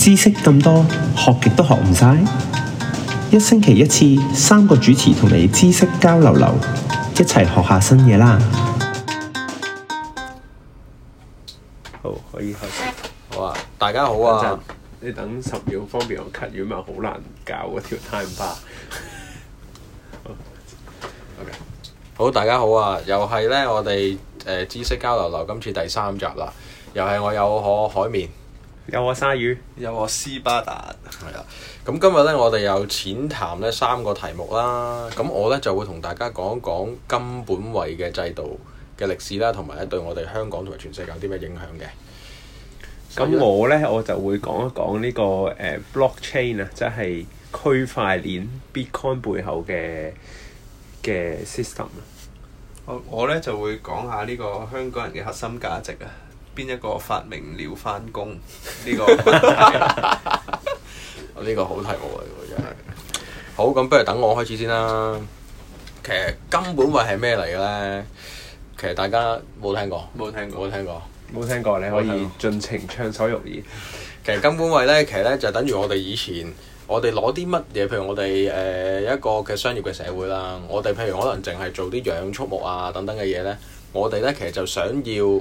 知識咁多，學極都學唔晒。一星期一次，三個主持同你知識交流流，一齊學下新嘢啦。好，可以開始。好啊，大家好啊。等你等十秒方便我 cut 完咪好難搞嗰條 time bar 好，Okay. 好，大家好啊！又係呢，我哋誒知識交流流，今次第三集啦。又係我有可海綿。有我鯊魚，有我斯巴達。係啊，咁今日咧，我哋又淺談咧三個題目啦。咁我咧就會同大家講一講金本位嘅制度嘅歷史啦，同埋咧對我哋香港同埋全世界有啲咩影響嘅。咁以我咧我就會講一講呢個誒 blockchain 啊，即係區塊鏈 Bitcoin 背後嘅嘅 system 啊。我我咧就會講下呢個香港人嘅核心價值啊。邊一個發明了翻工，呢個？呢 個好題目嚟喎，真係。好，咁不如等我開始先啦。其實金本位係咩嚟嘅咧？其實大家冇聽過，冇聽過，冇聽過，冇聽過，你可以盡情暢所欲言。其實金本位咧，其實咧就等於我哋以前，我哋攞啲乜嘢？譬如我哋誒、呃、一個嘅商業嘅社會啦，我哋譬如可能淨係做啲養畜牧啊、等等嘅嘢咧，我哋咧其實就想要。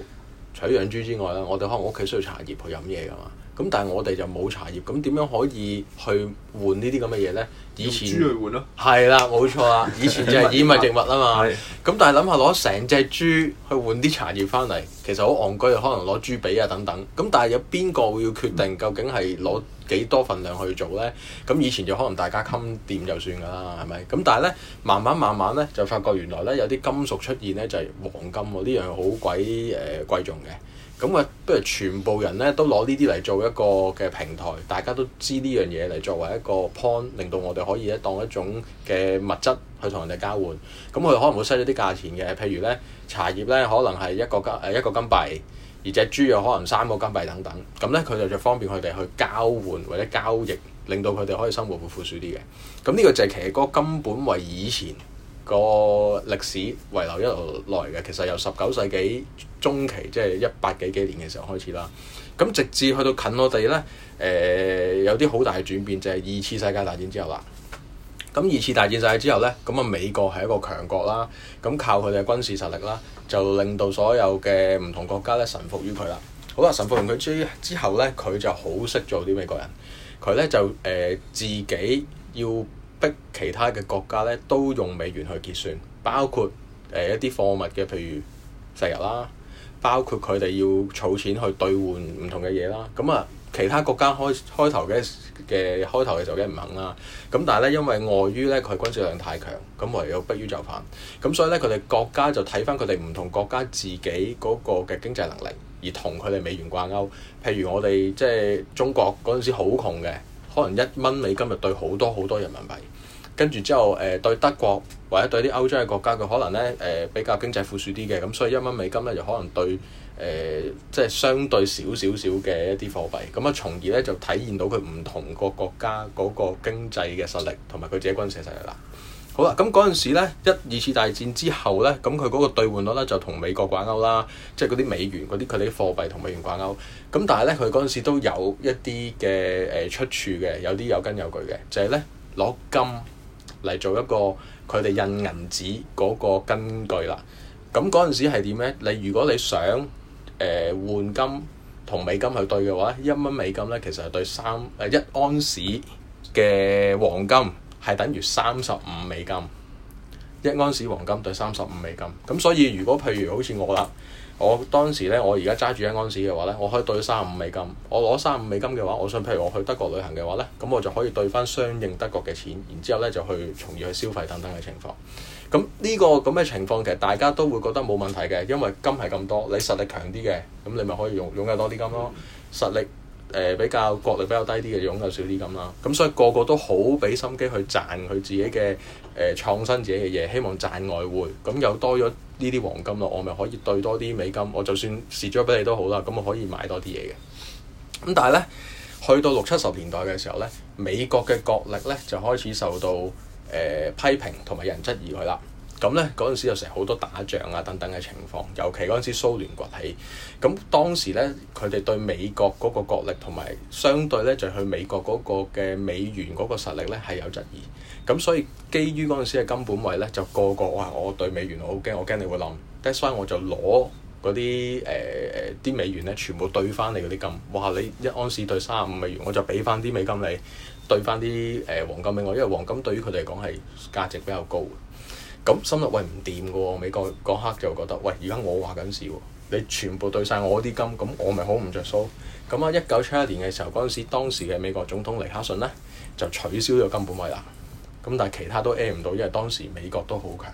除咗養豬之外啦，我哋可能屋企需要茶葉去飲嘢㗎嘛。咁但係我哋就冇茶葉，咁點樣可以去換呢啲咁嘅嘢咧？以前豬去換咯，啊，係啦，冇錯啦。以前就係以物易物啊嘛。咁 的但係諗下攞成隻豬去換啲茶葉翻嚟，其實好戇居，可能攞豬髀啊等等。咁但係有邊個會要決定究竟係攞幾多份量去做呢？咁以前就可能大家襟掂就算㗎啦，係咪？咁但係呢，慢慢慢慢呢，就發覺原來呢，有啲金屬出現呢，就係黃金喎，呢樣好鬼誒貴重嘅。咁啊，不如全部人咧都攞呢啲嚟做一個嘅平台，大家都知呢樣嘢嚟作為一個 point，令到我哋可以咧當一種嘅物質去同人哋交換，咁佢可能會嘥咗啲價錢嘅，譬如咧茶葉咧可能係一,一個金誒一個金幣，而隻豬又可能三個金幣等等。咁咧佢哋就著方便佢哋去交換或者交易，令到佢哋可以生活會富庶啲嘅。咁呢個就係其實嗰個金本位以前個歷史遺留一路來嘅，其實由十九世紀中期，即係一八幾幾年嘅時候開始啦。咁直至去到近我哋呢，誒、呃、有啲好大嘅轉變，就係、是、二次世界大戰之後啦。咁二次大戰世之後呢，咁啊美國係一個強國啦，咁靠佢哋嘅軍事實力啦，就令到所有嘅唔同國家咧臣服於佢啦。好啦，臣服完佢之之後呢，佢就好識做啲美國人，佢呢就誒、呃、自己要。逼其他嘅國家咧都用美元去結算，包括誒、呃、一啲貨物嘅，譬如石油啦，包括佢哋要儲錢去兌換唔同嘅嘢啦。咁、嗯、啊，其他國家開開頭嘅嘅開頭嘅時候梗唔肯啦。咁、嗯、但係咧，因為礙於咧佢軍事量太強，咁唯有迫於就範。咁、嗯、所以咧，佢哋國家就睇翻佢哋唔同國家自己嗰個嘅經濟能力，而同佢哋美元掛鈎。譬如我哋即係中國嗰陣時好窮嘅。可能一蚊美金就兌好多好多人民幣，跟住之後誒、呃、對德國或者對啲歐洲嘅國家，佢可能咧誒、呃、比較經濟富庶啲嘅，咁、嗯、所以一蚊美金咧就可能兌誒、呃、即係相對少少少嘅一啲貨幣，咁啊從而咧就體現到佢唔同個國家嗰個經濟嘅實力同埋佢自己軍事實力啦。好啦，咁嗰陣時咧，一二次大戰之後咧，咁佢嗰個兌換率咧就同美國掛鈎啦，即係嗰啲美元嗰啲佢哋啲貨幣同美元掛鈎。咁但係咧，佢嗰陣時都有一啲嘅誒出處嘅，有啲有根有據嘅，就係咧攞金嚟做一個佢哋印銀紙嗰個根據啦。咁嗰陣時係點咧？你如果你想誒、呃、換金同美金去兌嘅話，一蚊美金咧其實係兌三誒一盎司嘅黃金。係等於三十五美金，一盎司黃金對三十五美金。咁所以如果譬如好似我啦，我當時咧，我而家揸住一盎司嘅話咧，我可以兌三十五美金。我攞三十五美金嘅話，我想譬如我去德國旅行嘅話咧，咁我就可以兌翻相應德國嘅錢，然之後咧就去從而去消費等等嘅情況。咁呢、呢個咁嘅情況其實大家都會覺得冇問題嘅，因為金係咁多，你實力強啲嘅，咁你咪可以用用得多啲金咯，實力。誒、呃、比較國力比較低啲嘅擁有少啲金啦，咁、嗯、所以個個都好俾心機去賺佢自己嘅誒、呃、創新自己嘅嘢，希望賺外匯，咁、嗯、又多咗呢啲黃金咯，我咪可以兌多啲美金，我就算蝕咗俾你都好啦，咁我可以買多啲嘢嘅。咁、嗯、但係咧，去到六七十年代嘅時候咧，美國嘅國力咧就開始受到誒、呃、批評同埋人質疑佢啦。咁咧，嗰陣時又成好多打仗啊，等等嘅情況。尤其嗰陣時蘇聯崛起，咁當時咧，佢哋對美國嗰個國力同埋相對咧，就去美國嗰個嘅美元嗰個實力咧係有質疑。咁所以基於嗰陣時嘅金本位咧，就個個話我對美元我好驚，我驚你會諗，得閑我就攞嗰啲誒誒啲美元咧，全部兌翻你嗰啲金。哇！你一安士兌三十五美元，我就俾翻啲美金你兌翻啲誒黃金俾我，因為黃金對於佢哋嚟講係價值比較高。咁心入邊唔掂嘅喎，美國嗰刻就覺得，喂，而家我話緊事喎，你全部兌晒我啲金，咁我咪好唔着數。咁啊，一九七一年嘅時候，嗰陣時當時嘅美國總統尼克遜咧，就取消咗金本位啦。咁但係其他都 a 唔到，因為當時美國都好強。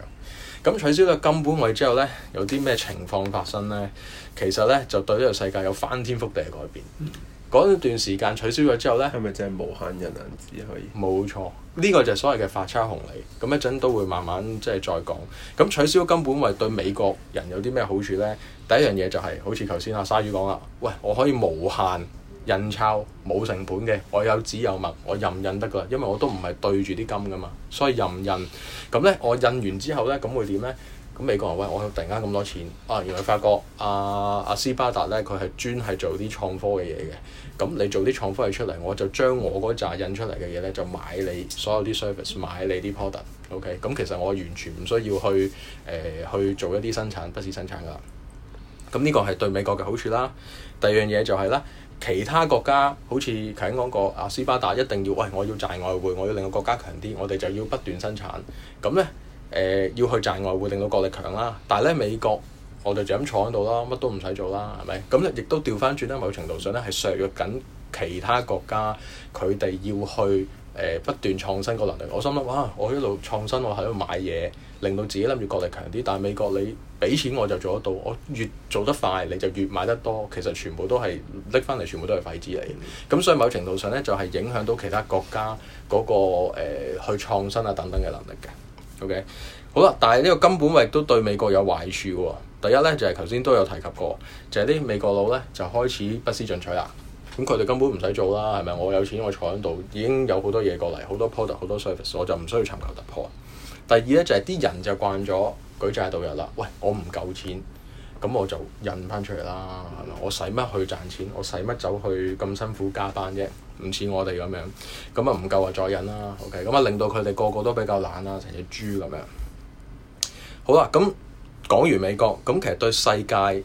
咁取消咗金本位之後咧，有啲咩情況發生咧？其實咧就對呢個世界有翻天覆地嘅改變。嗯嗰段時間取消咗之後呢，係咪就係無限印銀紙可以？冇錯，呢、呢個就係所謂嘅發鈔紅利。咁一陣都會慢慢即係再講。咁取消根本為對美國人有啲咩好處呢？第一樣嘢就係、係、好似頭先阿沙魚講啦，喂，我可以無限印鈔冇成本嘅，我有紙有物，我任印得㗎。因為我都唔係對住啲金㗎嘛，所以任印。咁呢，我印完之後呢，咁會點呢？咁美國人喂，我突然間咁多錢，啊原來發覺阿阿、啊、斯巴達咧，佢係專係做啲創科嘅嘢嘅。咁、嗯、你做啲創科嘅出嚟，我就將我嗰紮印出嚟嘅嘢咧，就買你所有啲 service，買你啲 product。OK，、嗯、咁、嗯、其實我完全唔需要去誒、呃、去做一啲生產，不是生產㗎。咁呢個係對美國嘅好處啦。第二樣嘢就係、是、啦，其他國家好似頭先講過，阿斯巴達一定要喂，我要賺外匯，我要令個國家強啲，我哋就要不斷生產。咁咧。誒、呃、要去賺外匯，令到國力強啦。但係咧，美國我就就咁坐喺度啦，乜都唔使做啦，係咪？咁咧，亦都調翻轉咧，某程度上咧係削弱緊其他國家佢哋要去誒、呃、不斷創新個能力。我心諗哇，我一路創新，我喺度買嘢，令到自己諗住國力強啲。但係美國你俾錢我就做得到，我越做得快你就越買得多。其實全部都係拎翻嚟，全部都係廢紙嚟。咁所以某程度上咧就係、是、影響到其他國家嗰、那個、呃、去創新啊等等嘅能力嘅。OK，好啦，但係呢個根本亦都對美國有壞處喎。第一咧就係頭先都有提及過，就係、是、啲美國佬咧就開始不思進取啦。咁佢哋根本唔使做啦，係咪？我有錢我坐喺度，已經有好多嘢過嚟，好多 product 好多 service，我就唔需要尋求突破。第二咧就係、是、啲人就慣咗舉債度日啦。喂，我唔夠錢。咁我就印翻出嚟啦，係我使乜去賺錢？我使乜走去咁辛苦加班啫？唔似我哋咁樣，咁啊唔夠啊再印啦。OK，咁啊令到佢哋個個都比較懶啊，成隻豬咁樣。好啦，咁講完美國，咁其實對世界，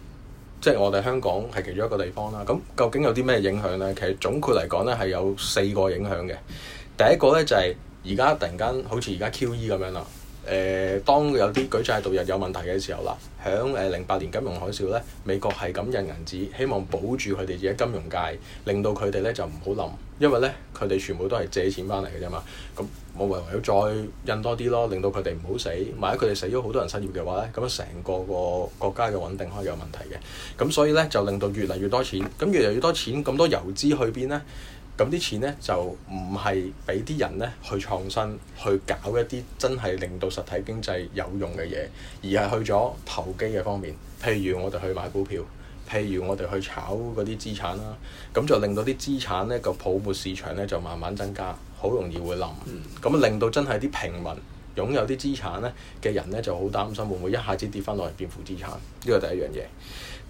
即係我哋香港係其中一個地方啦。咁究竟有啲咩影響咧？其實總括嚟講咧係有四個影響嘅。第一個咧就係而家突然間好似而家 QE 咁樣啦。誒，當有啲舉債度日有問題嘅時候啦，響誒零八年金融海嘯咧，美國係咁印銀紙，希望保住佢哋自己金融界，令到佢哋咧就唔好冧，因為咧佢哋全部都係借錢翻嚟嘅啫嘛，咁唯有要再印多啲咯，令到佢哋唔好死。萬一佢哋死咗，好多人失業嘅話咧，咁樣成個個國家嘅穩定可能有問題嘅。咁所以咧就令到越嚟越多錢，咁越嚟越多錢，咁多遊資去邊咧？咁啲錢呢，就唔係俾啲人呢去創新，去搞一啲真係令到實體經濟有用嘅嘢，而係去咗投機嘅方面。譬如我哋去買股票，譬如我哋去炒嗰啲資產啦。咁就令到啲資產呢個泡沫市場呢就慢慢增加，好容易會冧。咁、嗯、令到真係啲平民擁有啲資產呢嘅人呢，就好擔心會唔會一下子跌翻落嚟變負資產，呢個第一樣嘢。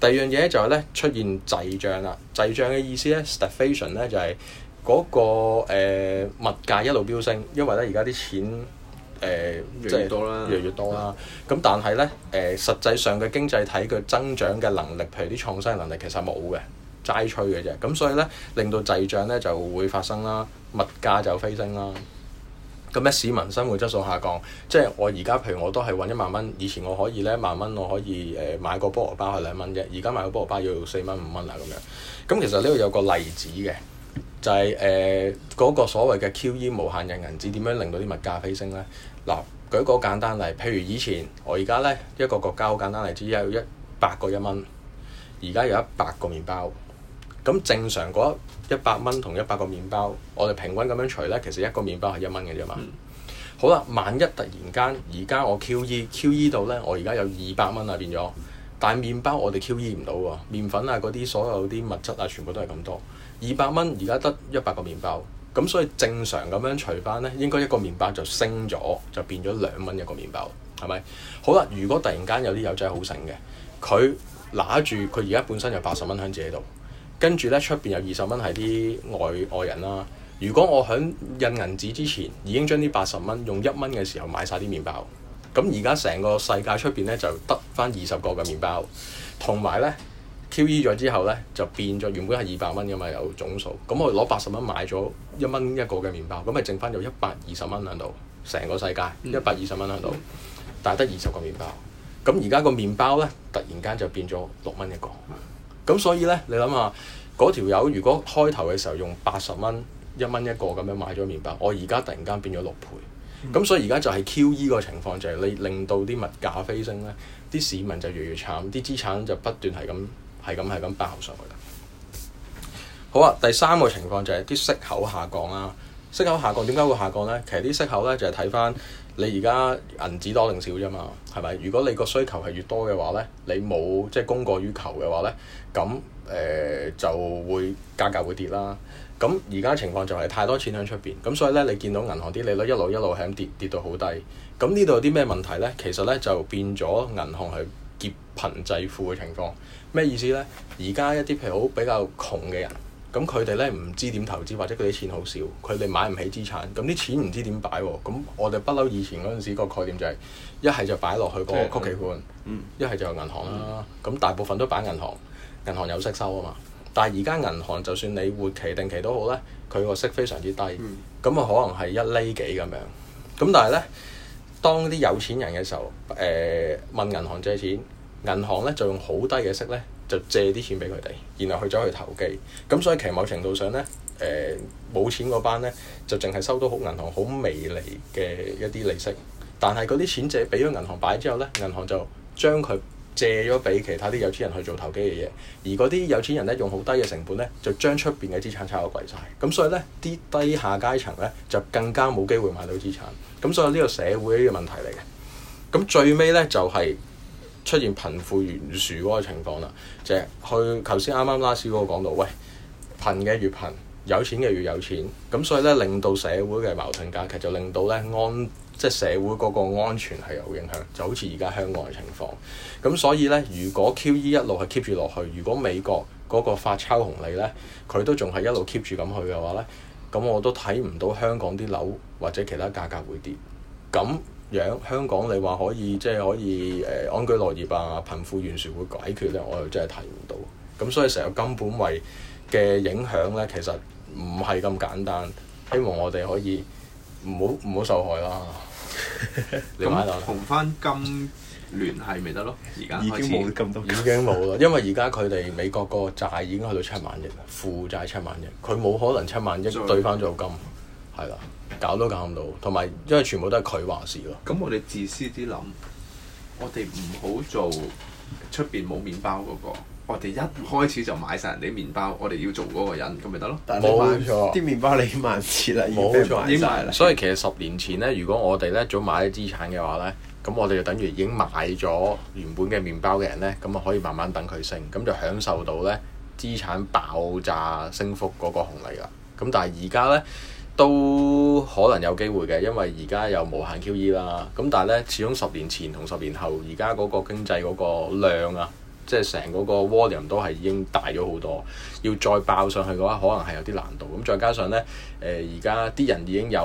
第二樣嘢就係咧出現滯脹啦，滯脹嘅意思咧 stagflation 咧就係、是、嗰、那個、呃、物價一路飆升，因為咧而家啲錢誒、呃、越嚟越多啦，咁、嗯、但係咧誒實際上嘅經濟體嘅增長嘅能力，譬如啲創新能力其實冇嘅，齋吹嘅啫，咁所以咧令到滯脹咧就會發生啦，物價就飛升啦。咁咧市民生活質素下降，即係我而家譬如我都係揾一萬蚊，以前我可以咧一萬蚊我可以誒、呃、買個菠蘿包係兩蚊啫，而家買個菠蘿包要四蚊五蚊啦咁樣。咁、嗯、其實呢度有個例子嘅，就係誒嗰個所謂嘅 QE 無限嘅銀紙點樣令到啲物價飛升咧？嗱，舉個簡單例，譬如以前我而家咧一個國家好簡單例子有一百個一蚊，而家有一百個麵包，咁正常嗰。一百蚊同一百個麵包，我哋平均咁樣除咧，其實一個麵包係一蚊嘅啫嘛。嗯、好啦，萬一突然間而家我 QE QE 到咧，我而家有二百蚊啊變咗，但係麵包我哋 QE 唔到喎，麵粉啊嗰啲所有啲物質啊，全部都係咁多。二百蚊而家得一百個麵包，咁所以正常咁樣除翻咧，應該一個麵包就升咗，就變咗兩蚊一個麵包，係咪？好啦，如果突然間有啲友仔好醒嘅，佢拿住佢而家本身有八十蚊喺自己度。跟住咧，出邊有二十蚊係啲外外人啦、啊。如果我響印銀紙之前已經將呢八十蚊用一蚊嘅時候買晒啲麵包，咁而家成個世界出邊咧就得翻二十個嘅麵包。同埋咧，QE 咗之後咧就變咗原本係二百蚊嘅嘛，有總數。咁我攞八十蚊買咗一蚊一個嘅麵包，咁咪剩翻咗一百二十蚊喺度。成個世界一百二十蚊喺度，但係得二十個麵包。咁而家個麵包咧突然間就變咗六蚊一個。咁所以咧，你諗下嗰條友如果開頭嘅時候用八十蚊一蚊一個咁樣買咗麵包，我而家突然間變咗六倍。咁所以而家就係 QE 個情況，就係你令到啲物價飛升咧，啲市民就越越慘，啲資產就不斷係咁係咁係咁爆上去啦。好啊，第三個情況就係啲息口下降啦。息口下降點解會下降咧？其實啲息口咧就係睇返。你而家銀紙多定少啫嘛，係咪？如果你個需求係越多嘅話咧，你冇即係供過於求嘅話咧，咁誒、呃、就會價格會跌啦。咁而家情況就係、係、太多錢喺出邊，咁所以咧你見到銀行啲利率一路一路係咁跌跌到好低。咁呢度有啲咩問題咧？其實咧就變咗銀行係劫貧濟富嘅情況。咩意思咧？而家一啲譬如好比較窮嘅人。咁佢哋咧唔知點投資，或者佢啲錢好少，佢哋買唔起資產，咁啲錢唔知點擺喎、啊。咁我哋不嬲以前嗰陣時個概念就係一係就擺落去個曲奇盤，一係、嗯、就有銀行啦、啊。咁、嗯、大部分都擺銀行，銀行有息收啊嘛。但係而家銀行就算你活期、定期都好咧，佢個息非常之低，咁啊、嗯、可能係一厘幾咁樣。咁但係咧，當啲有錢人嘅時候，誒、呃、問銀行借錢，銀行咧就用好低嘅息咧。就借啲錢俾佢哋，然後去咗去投機，咁所以其實某程度上呢，誒、呃、冇錢嗰班呢，就淨係收到好銀行好微利嘅一啲利息，但係嗰啲錢借俾咗銀行擺之後呢，銀行就將佢借咗俾其他啲有錢人去做投機嘅嘢，而嗰啲有錢人呢，用好低嘅成本呢，就將出邊嘅資產炒到貴晒。咁所以呢啲低下階層呢，就更加冇機會買到資產，咁所以呢個社會嘅問題嚟嘅，咁最尾呢，就係、是。出現貧富懸殊嗰個情況啦，就係佢頭先啱啱拉屎嗰個講到，喂，貧嘅越貧，有錢嘅越有錢，咁所以咧令到社會嘅矛盾加劇，就令到咧安即係社會嗰個安全係有影響，就好似而家香港嘅情況。咁所以咧，如果 QE 一路係 keep 住落去，如果美國嗰個發鈔紅利咧，佢都仲係一路 keep 住咁去嘅話咧，咁我都睇唔到香港啲樓或者其他價格會跌。咁樣香港你話可以即係可以誒、呃、安居樂業啊，貧富懸殊會解決咧，我又真係睇唔到。咁所以成個金本位嘅影響咧，其實唔係咁簡單。希望我哋可以唔好唔好受害啦。咁同翻金聯繫咪得咯？而家已經冇咁多， 已經冇啦。因為而家佢哋美國個債已經去到七萬億啦，負債七萬億，佢冇可能七萬億兌翻做金，係啦以。的搞都搞唔到，同埋因為全部都係佢話事咯。咁我哋自私啲諗，我哋唔好做出面冇麵包嗰個。我哋一開始就買晒人哋麵包，我哋要做嗰個人咁咪得咯。冇錯，啲麵包你萬次啦，已經賣曬啦。所以其實十年前咧，如果我哋咧早買咗資產嘅話咧，咁我哋就等於已經買咗原本嘅麵包嘅人咧，咁啊可以慢慢等佢升，咁就享受到咧資產爆炸升幅嗰個紅利啦。咁但係而家咧。都可能有機會嘅，因為而家有無限 QE 啦。咁但係咧，始終十年前同十年後，而家嗰個經濟嗰個量啊，即係成嗰個 volume 都係已經大咗好多。要再爆上去嘅話，可能係有啲難度。咁再加上咧，誒而家啲人已經有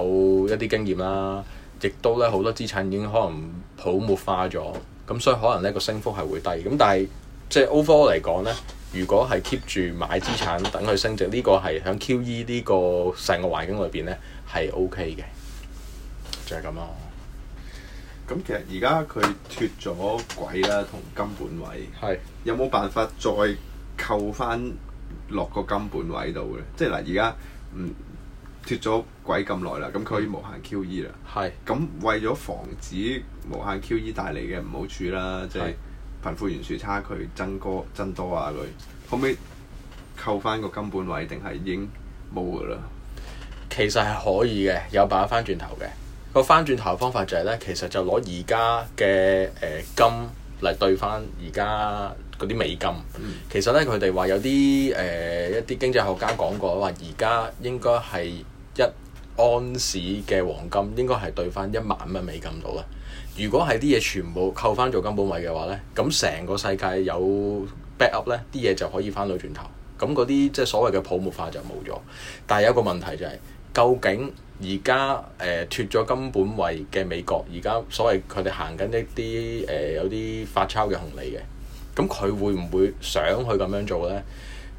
一啲經驗啦，亦都咧好多資產已經可能泡沫化咗。咁所以可能咧個升幅係會低。咁但係即係 overall 嚟講咧。如果係 keep 住買資產等佢升值，呢個係喺 QE 呢個成個環境裏邊呢，係 OK 嘅，就係咁咯。咁其實而家佢脫咗軌啦，同金本位係是有冇辦法再扣翻落個金本位度呢？即係嗱，而家唔脫咗軌咁耐啦，咁佢可以無限 QE 啦，係咁是為咗防止無限 QE 帶嚟嘅唔好處啦，即係。貧富懸殊差距增多增多啊！佢可唔可以扣翻個金本位？定係已經冇㗎啦？其實係可以嘅，有辦法翻轉頭嘅。個翻轉頭方法就係、是、咧，其實就攞而家嘅誒金嚟對翻而家嗰啲美金。嗯、其實咧，佢哋話有啲誒、呃、一啲經濟學家講過話，而家應該係一安士嘅黃金應該係對翻一萬蚊美金到啦。如果係啲嘢全部扣翻做金本位嘅話呢，咁成個世界有 back up 呢啲嘢就可以翻到轉頭。咁嗰啲即係所謂嘅泡沫化就冇咗。但係有一個問題就係、是，究竟而家誒脱咗金本位嘅美國，而家所謂佢哋行緊一啲誒、呃、有啲發鈔嘅紅利嘅，咁佢會唔會想去咁樣做呢？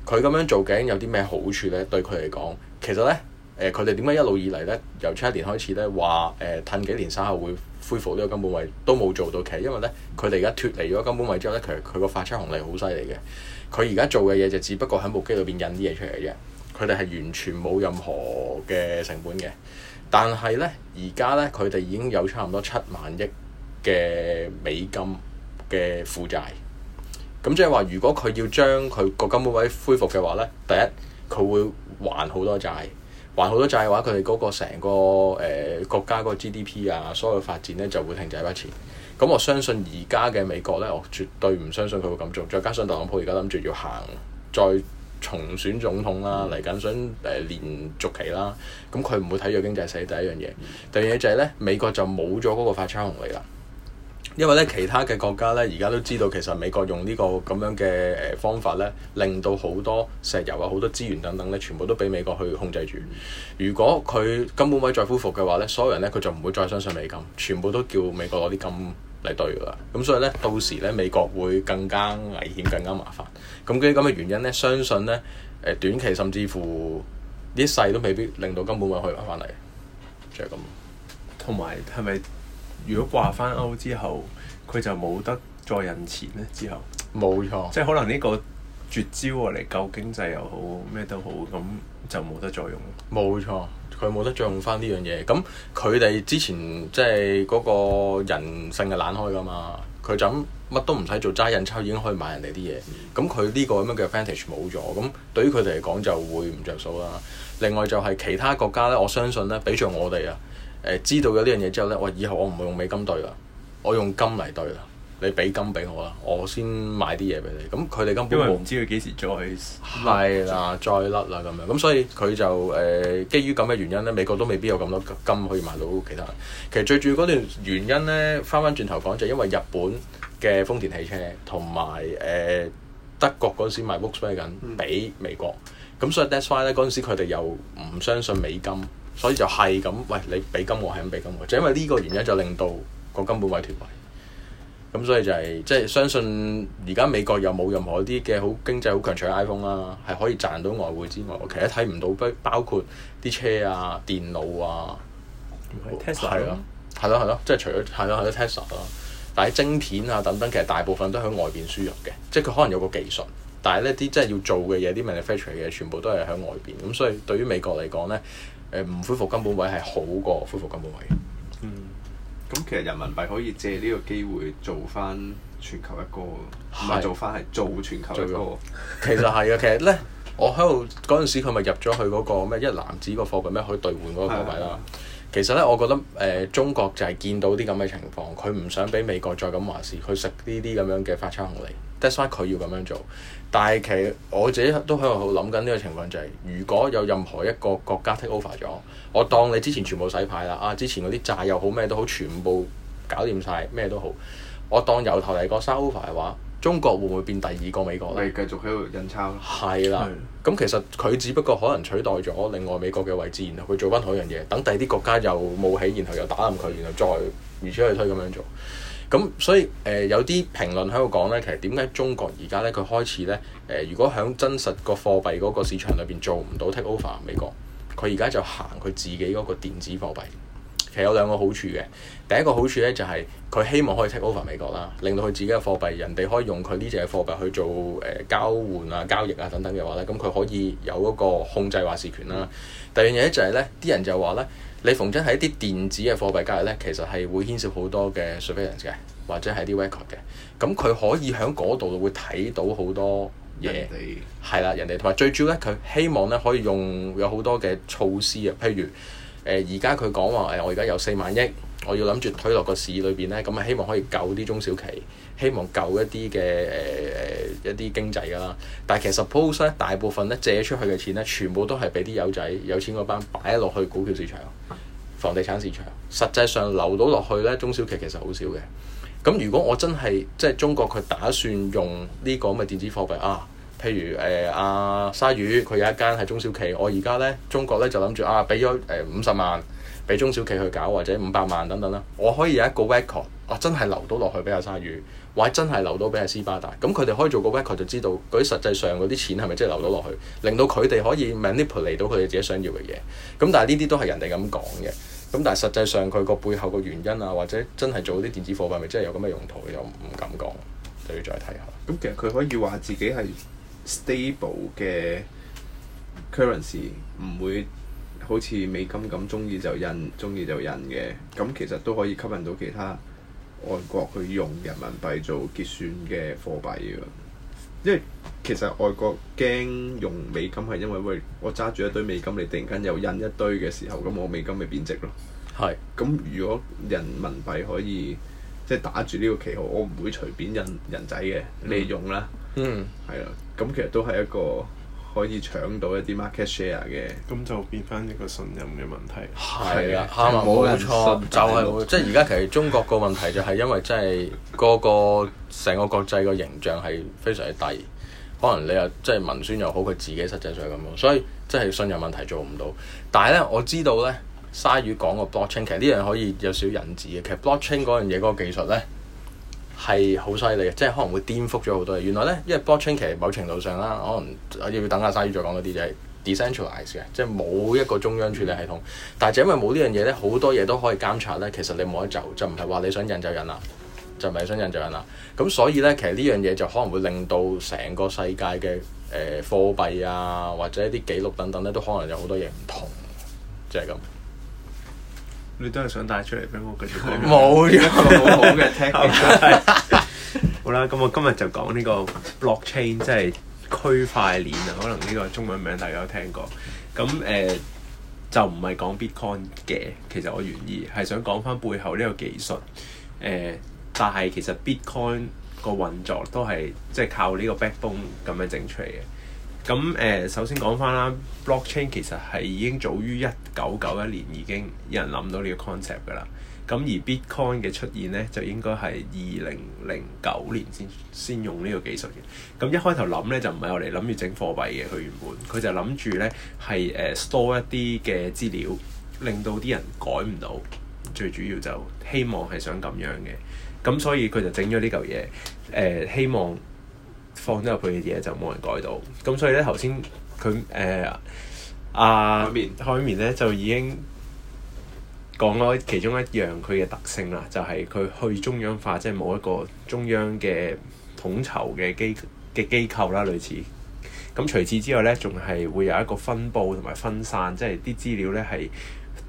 佢咁樣做究竟有啲咩好處呢？對佢嚟講，其實呢，誒、呃，佢哋點解一路以嚟呢？由七一年開始呢話誒，褪、呃、幾年沙後會？恢復呢個金本位都冇做到期，其實因為咧，佢哋而家脱離咗金本位之後咧，其實佢個發出紅利好犀利嘅。佢而家做嘅嘢就只不過喺部機裏邊印啲嘢出嚟嘅啫。佢哋係完全冇任何嘅成本嘅。但係咧，而家咧，佢哋已經有差唔多七萬億嘅美金嘅負債。咁即係話，如果佢要將佢個金本位恢復嘅話咧，第一佢會還好多債。還好多債嘅話，佢哋嗰個成個誒、呃、國家嗰個 GDP 啊，所有發展咧就會停滯不前。咁我相信而家嘅美國咧，我絕對唔相信佢會咁做。再加上特朗普而家諗住要行再重選總統啦，嚟緊想誒、呃、連續期啦，咁佢唔會睇住經濟死。第一樣嘢。第二嘢就係咧，美國就冇咗嗰個發鈔紅利啦。因為咧，其他嘅國家咧，而家都知道其實美國用呢、這個咁樣嘅誒、呃、方法咧，令到好多石油啊、好多資源等等咧，全部都俾美國去控制住。嗯、如果佢金本位再恢復嘅話咧，所有人咧佢就唔會再相信美金，全部都叫美國攞啲金嚟兌㗎啦。咁所以咧，到時咧美國會更加危險、更加麻煩。咁基於咁嘅原因咧，相信咧誒、呃、短期甚至乎呢一世都未必令到金本位可以翻嚟，就係、是、咁。同埋係咪？是如果掛翻歐之後，佢就冇得再印錢咧。之後冇錯，即係可能呢個絕招嚟救經濟又好，咩都好，咁就冇得再用。冇錯，佢冇得再用翻呢樣嘢。咁佢哋之前即係嗰個人性嘅懶開㗎嘛，佢就咁乜都唔使做，齋印鈔已經可以買人哋啲嘢。咁佢呢個咁樣嘅 advantage 冇咗，咁對於佢哋嚟講就會唔着數啦。另外就係其他國家咧，我相信咧，比著我哋啊。誒知道咗呢樣嘢之後咧，我以後我唔會用美金兌啦，我用金嚟兌啦，你俾金俾我啦，我先買啲嘢俾你。咁佢哋根本冇。因為唔知佢幾時再係啦，的再甩啦咁樣。咁、嗯、所以佢就誒、呃，基於咁嘅原因咧，美國都未必有咁多金可以買到其他。其實最主要嗰段原因咧，翻翻轉頭講就係、是、因為日本嘅豐田汽車同埋誒德國嗰時賣 Volkswagen 俾美國，咁所以 that's why 咧嗰陣時佢哋又唔相信美金。所以就係咁，喂，你俾金我，係咁俾金我？就因為呢個原因就令到個金本位脫位。咁，所以就係、是、即係相信而家美國有冇任何啲嘅好經濟好強除 iPhone 啦、啊，係可以賺到外匯之外，我其實睇唔到不包括啲車啊、電腦啊，係咯係咯係咯，即係除咗係咯係咯 Tesla 啦，但係晶片啊等等，其實大部分都喺外邊輸入嘅，即係佢可能有個技術，但係呢啲即係要做嘅嘢，啲 manufacturing 嘅嘢全部都係喺外邊咁，所以對於美國嚟講咧。誒，唔恢復金本位係好過恢復金本位。嗯，咁其實人民幣可以借呢個機會做翻全球一哥，唔係做翻，係做全球一哥。其實係啊， 其實咧，我喺度嗰陣時佢咪入咗去嗰個咩一籃子個貨幣咩可以兌換嗰個貨幣啦。的其實咧，我覺得誒、呃、中國就係見到啲咁嘅情況，佢唔想俾美國再咁話事，佢食呢啲咁樣嘅發餐紅利。 That's why 佢要咁樣做。但係其實我自己都喺度諗緊呢個情況就係、是，如果有任何一個國家 take over 咗，我當你之前全部洗牌啦，啊之前嗰啲債又好咩都好，全部搞掂晒咩都好，我當由頭嚟過新 over 嘅話，中國會唔會變第二個美國呢？係繼續喺度印鈔？係啦，咁其實佢只不過可能取代咗另外美國嘅位置，然後佢做翻同一樣嘢，等第二啲國家又冒起，然後又打冧佢，然後再推去推咁樣做。咁所以誒、呃、有啲評論喺度講咧，其實點解中國而家咧佢開始咧誒、呃、如果響真實個貨幣嗰個市場裏邊做唔到 takeover 美國，佢而家就行佢自己嗰個電子貨幣。其實有兩個好處嘅，第一個好處咧就係佢希望可以 take over 美國啦，令到佢自己嘅貨幣，人哋可以用佢呢隻嘅貨幣去做誒、呃、交換啊、交易啊等等嘅話咧，咁佢可以有嗰個控制話事權啦。第二樣嘢咧就係咧，啲人就話咧，你逢真係一啲電子嘅貨幣交易咧，其實係會牽涉好多嘅 cryptocurrency 嘅，或者係啲 record 嘅。咁佢可以喺嗰度會睇到好多嘢，係啦家，人哋同埋最主要咧，佢希望咧可以用有好多嘅措施啊，譬如。誒而家佢講話誒，我而家有四萬億，我要諗住推落個市裏邊咧，咁啊希望可以救啲中小企，希望救一啲嘅誒誒一啲經濟㗎啦。但係其實 suppose 咧，大部分咧借出去嘅錢咧，全部都係俾啲友仔有錢嗰班擺落去股票市場、房地產市場，實際上流到落去咧中小企其實好少嘅。咁如果我真係即係中國佢打算用呢個咁嘅電子貨幣啊？譬如誒阿沙魚，佢有一間係中小企，我而家咧中國咧就諗住啊，俾咗誒五十萬俾中小企去搞或者五百萬等等啦，我可以有一個 record 啊真係留到落去俾阿沙魚，或者真係留到俾阿斯巴達，咁佢哋可以做個 record 就知道嗰啲實際上嗰啲錢係咪真係留到落去，令到佢哋可以 manipulate 到佢哋自己想要嘅嘢。咁、嗯、但係呢啲都係人哋咁講嘅，咁、嗯、但係實際上佢個背後個原因啊，或者真係做啲電子貨幣咪真係有咁嘅用途，又唔敢講，就要再睇下。咁其實佢可以話自己係。Stable 嘅 currency 唔會好似美金咁中意就印，中意就印嘅。咁其實都可以吸引到其他外國去用人民幣做結算嘅貨幣啊。因為其實外國驚用美金係因為喂，我揸住一堆美金，你突然間又印一堆嘅時候，咁我美金咪貶值咯。係是。咁如果人民幣可以即係打住呢個旗號，我唔會隨便印人仔嘅，你用啦。嗯嗯，係啊，咁、嗯、其實都係一個可以搶到一啲 market share 嘅。咁就變翻一個信任嘅問題。係啊，啱，冇錯，信心 就係即係而家其實中國個問題就係因為真係個個成個國際個形象係非常之低，可能你又即係文宣又好，佢自己實際上咁樣，所以即係信任問題做唔到。但係咧，我知道咧，鯊魚講個 blockchain 其實呢樣可以有少少引致嘅，其實 blockchain 嗰樣嘢嗰個技術咧。係好犀利，即係可能會顛覆咗好多嘢。原來呢，因為 Blockchain 其實某程度上啦，可能要要等阿沙魚再講嗰啲啫。就係 Decentralize 嘅，即係冇一個中央處理系統。但係就因為冇呢樣嘢呢，好多嘢都可以監察呢。其實你冇得走，就唔係話你想印就印啦，就唔係想印就印啦。咁所以呢，其實呢樣嘢就可能會令到成個世界嘅誒貨幣啊，或者一啲記錄等等呢，都可能有好多嘢唔同。即係咁。你都係想帶出嚟俾我繼續講冇有 個好 好嘅聽好啦，咁我今日就講呢個 blockchain，即係區塊鏈啊。可能呢個中文名大家都聽過咁，誒、呃，就唔係講 bitcoin 嘅。其實我原意係想講翻背後呢個技術誒、呃，但係其實 bitcoin 個運作都係即係靠呢個 backbone 咁樣整出嚟嘅。咁誒、呃，首先講翻啦，Blockchain 其實係已經早於一九九一年已經有人諗到呢個 concept 㗎啦。咁而 Bitcoin 嘅出現呢，就應該係二零零九年先先用呢個技術嘅。咁一開頭諗呢，就唔係我哋諗住整貨幣嘅，佢原本佢就諗住呢係誒、呃、store 一啲嘅資料，令到啲人改唔到。最主要就希望係想咁樣嘅。咁所以佢就整咗呢嚿嘢，誒、呃、希望。放咗入去嘅嘢就冇人改到，咁所以咧頭先佢誒阿海綿咧就已經講咗其中一樣佢嘅特性啦，就係佢去中央化，即係冇一個中央嘅統籌嘅機嘅機構啦，類似。咁除此之外咧，仲係會有一個分佈同埋分散，即係啲資料咧係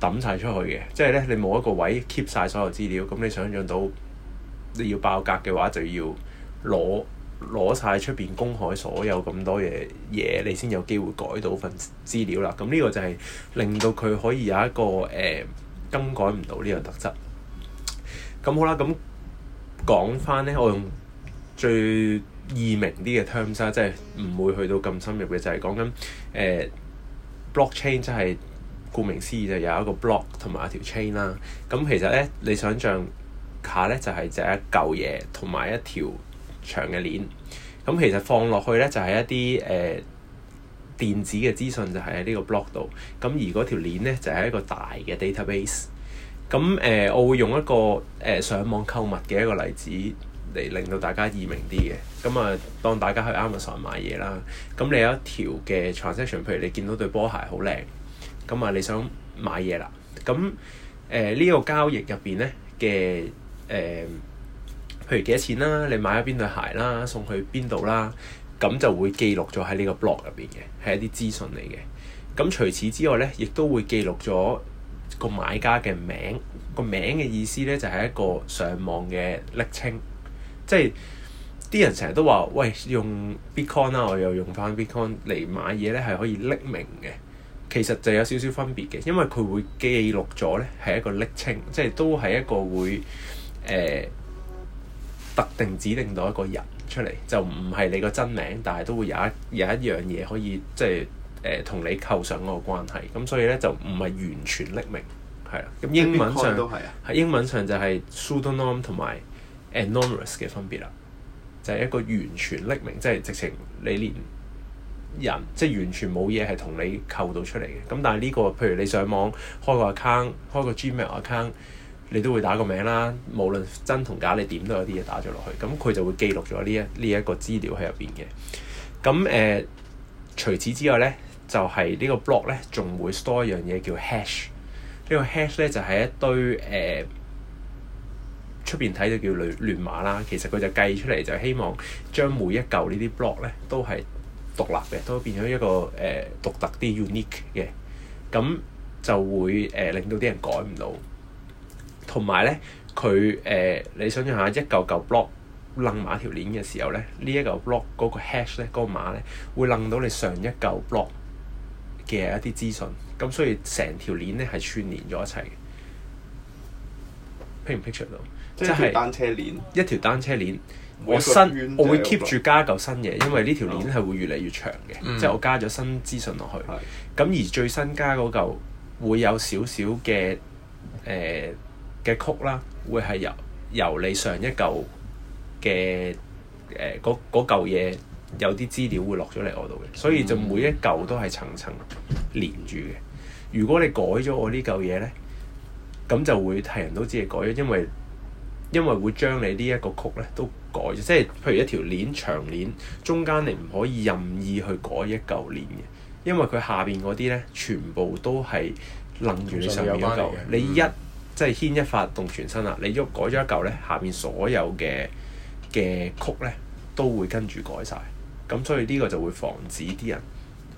揼晒出去嘅，即係咧你冇一個位 keep 晒所有資料，咁你想象到你要爆格嘅話就要攞。攞晒出面公開所有咁多嘢嘢，你先有機會改到份資料啦。咁呢個就係令到佢可以有一個誒、呃、更改唔到呢個特質。咁好啦，咁講返呢，我用最易明啲嘅 terms 即係唔會去到咁深入嘅，就係講緊誒 blockchain 即係顧名思義就有一個 block 同埋一條 chain 啦。咁其實呢，你想象下呢，就係就一嚿嘢同埋一條。長嘅鏈，咁其實放落去咧就係一啲誒、呃、電子嘅資訊，就喺呢個 block 度。咁而嗰條鏈咧就係一個大嘅 database、嗯。咁、呃、誒，我會用一個誒、呃、上網購物嘅一個例子嚟令到大家易明啲嘅。咁、嗯、啊，當大家去 Amazon 買嘢啦，咁、嗯、你有一條嘅 transaction 譬如你見到對波鞋好靚，咁、嗯、啊、嗯、你想買嘢啦。咁誒呢個交易入邊咧嘅誒，呃譬如幾多錢啦，你買咗邊對鞋啦，送去邊度啦，咁就會記錄咗喺呢個 blog 入邊嘅，係一啲資訊嚟嘅。咁除此之外呢，亦都會記錄咗個買家嘅名。個名嘅意思呢，就係一個上網嘅匿稱，即係啲人成日都話，喂，用 bitcoin 啦，我又用翻 bitcoin 嚟買嘢呢，係可以匿名嘅。其實就有少少分別嘅，因為佢會記錄咗呢，係一個匿稱，即係都係一個會誒。呃特定指定到一個人出嚟，就唔係你個真名，但係都會有一有一樣嘢可以即係誒同你扣上嗰個關係。咁所以咧就唔係完全匿名，係啦。咁英文上都係、啊、英文上就係 pseudonym 同、e、埋 anonymous 嘅分別啦，就係、是、一個完全匿名，即、就、係、是、直情你連人即係、就是、完全冇嘢係同你扣到出嚟嘅。咁但係呢、這個譬如你上網開個 account，開個 Gmail account。你都會打個名啦，無論真同假，你點都有啲嘢打咗落去。咁佢就會記錄咗呢一呢一個資料喺入邊嘅。咁誒、呃，除此之外咧，就係、是、呢個 block 咧，仲會 store 一樣嘢叫 hash。這個、呢個 hash 咧就係、是、一堆誒出邊睇到叫亂亂碼啦。其實佢就計出嚟就希望將每一嚿呢啲 block 咧都係獨立嘅，都變咗一個誒獨、呃、特啲 unique 嘅。咁就會誒、呃、令到啲人改唔到。同埋咧，佢誒、呃，你想像下一嚿嚿 block 楞埋一條鏈嘅時候咧，一呢一嚿 block 嗰個 hash 咧，嗰個碼咧，會楞到你上一嚿 block 嘅一啲資訊，咁所以成條鏈咧係串連咗一齊嘅。能能 picture 唔 picture 到？即係單車鏈一條單車鏈，車鏈我新我會 keep 住加嚿新嘢，因為呢條鏈係會越嚟越長嘅，嗯、即係我加咗新資訊落去。係咁的，而最新加嗰嚿會有少少嘅誒。呃嘅曲啦，code, 會係由由你上一嚿嘅誒嗰嚿嘢有啲資料會落咗嚟我度嘅，所以就每一嚿都係層層連住嘅。如果你改咗我呢嚿嘢咧，咁就會係人都知你改咗，因為因為會將你呢一個曲咧都改咗。即係譬如一條鏈長鏈，中間你唔可以任意去改一嚿鏈嘅，因為佢下邊嗰啲咧全部都係楞住你上面嗰嚿，你一。嗯即係牽一髮動全身啦！你喐改咗一嚿咧，下邊所有嘅嘅曲咧都會跟住改晒。咁所以呢個就會防止啲人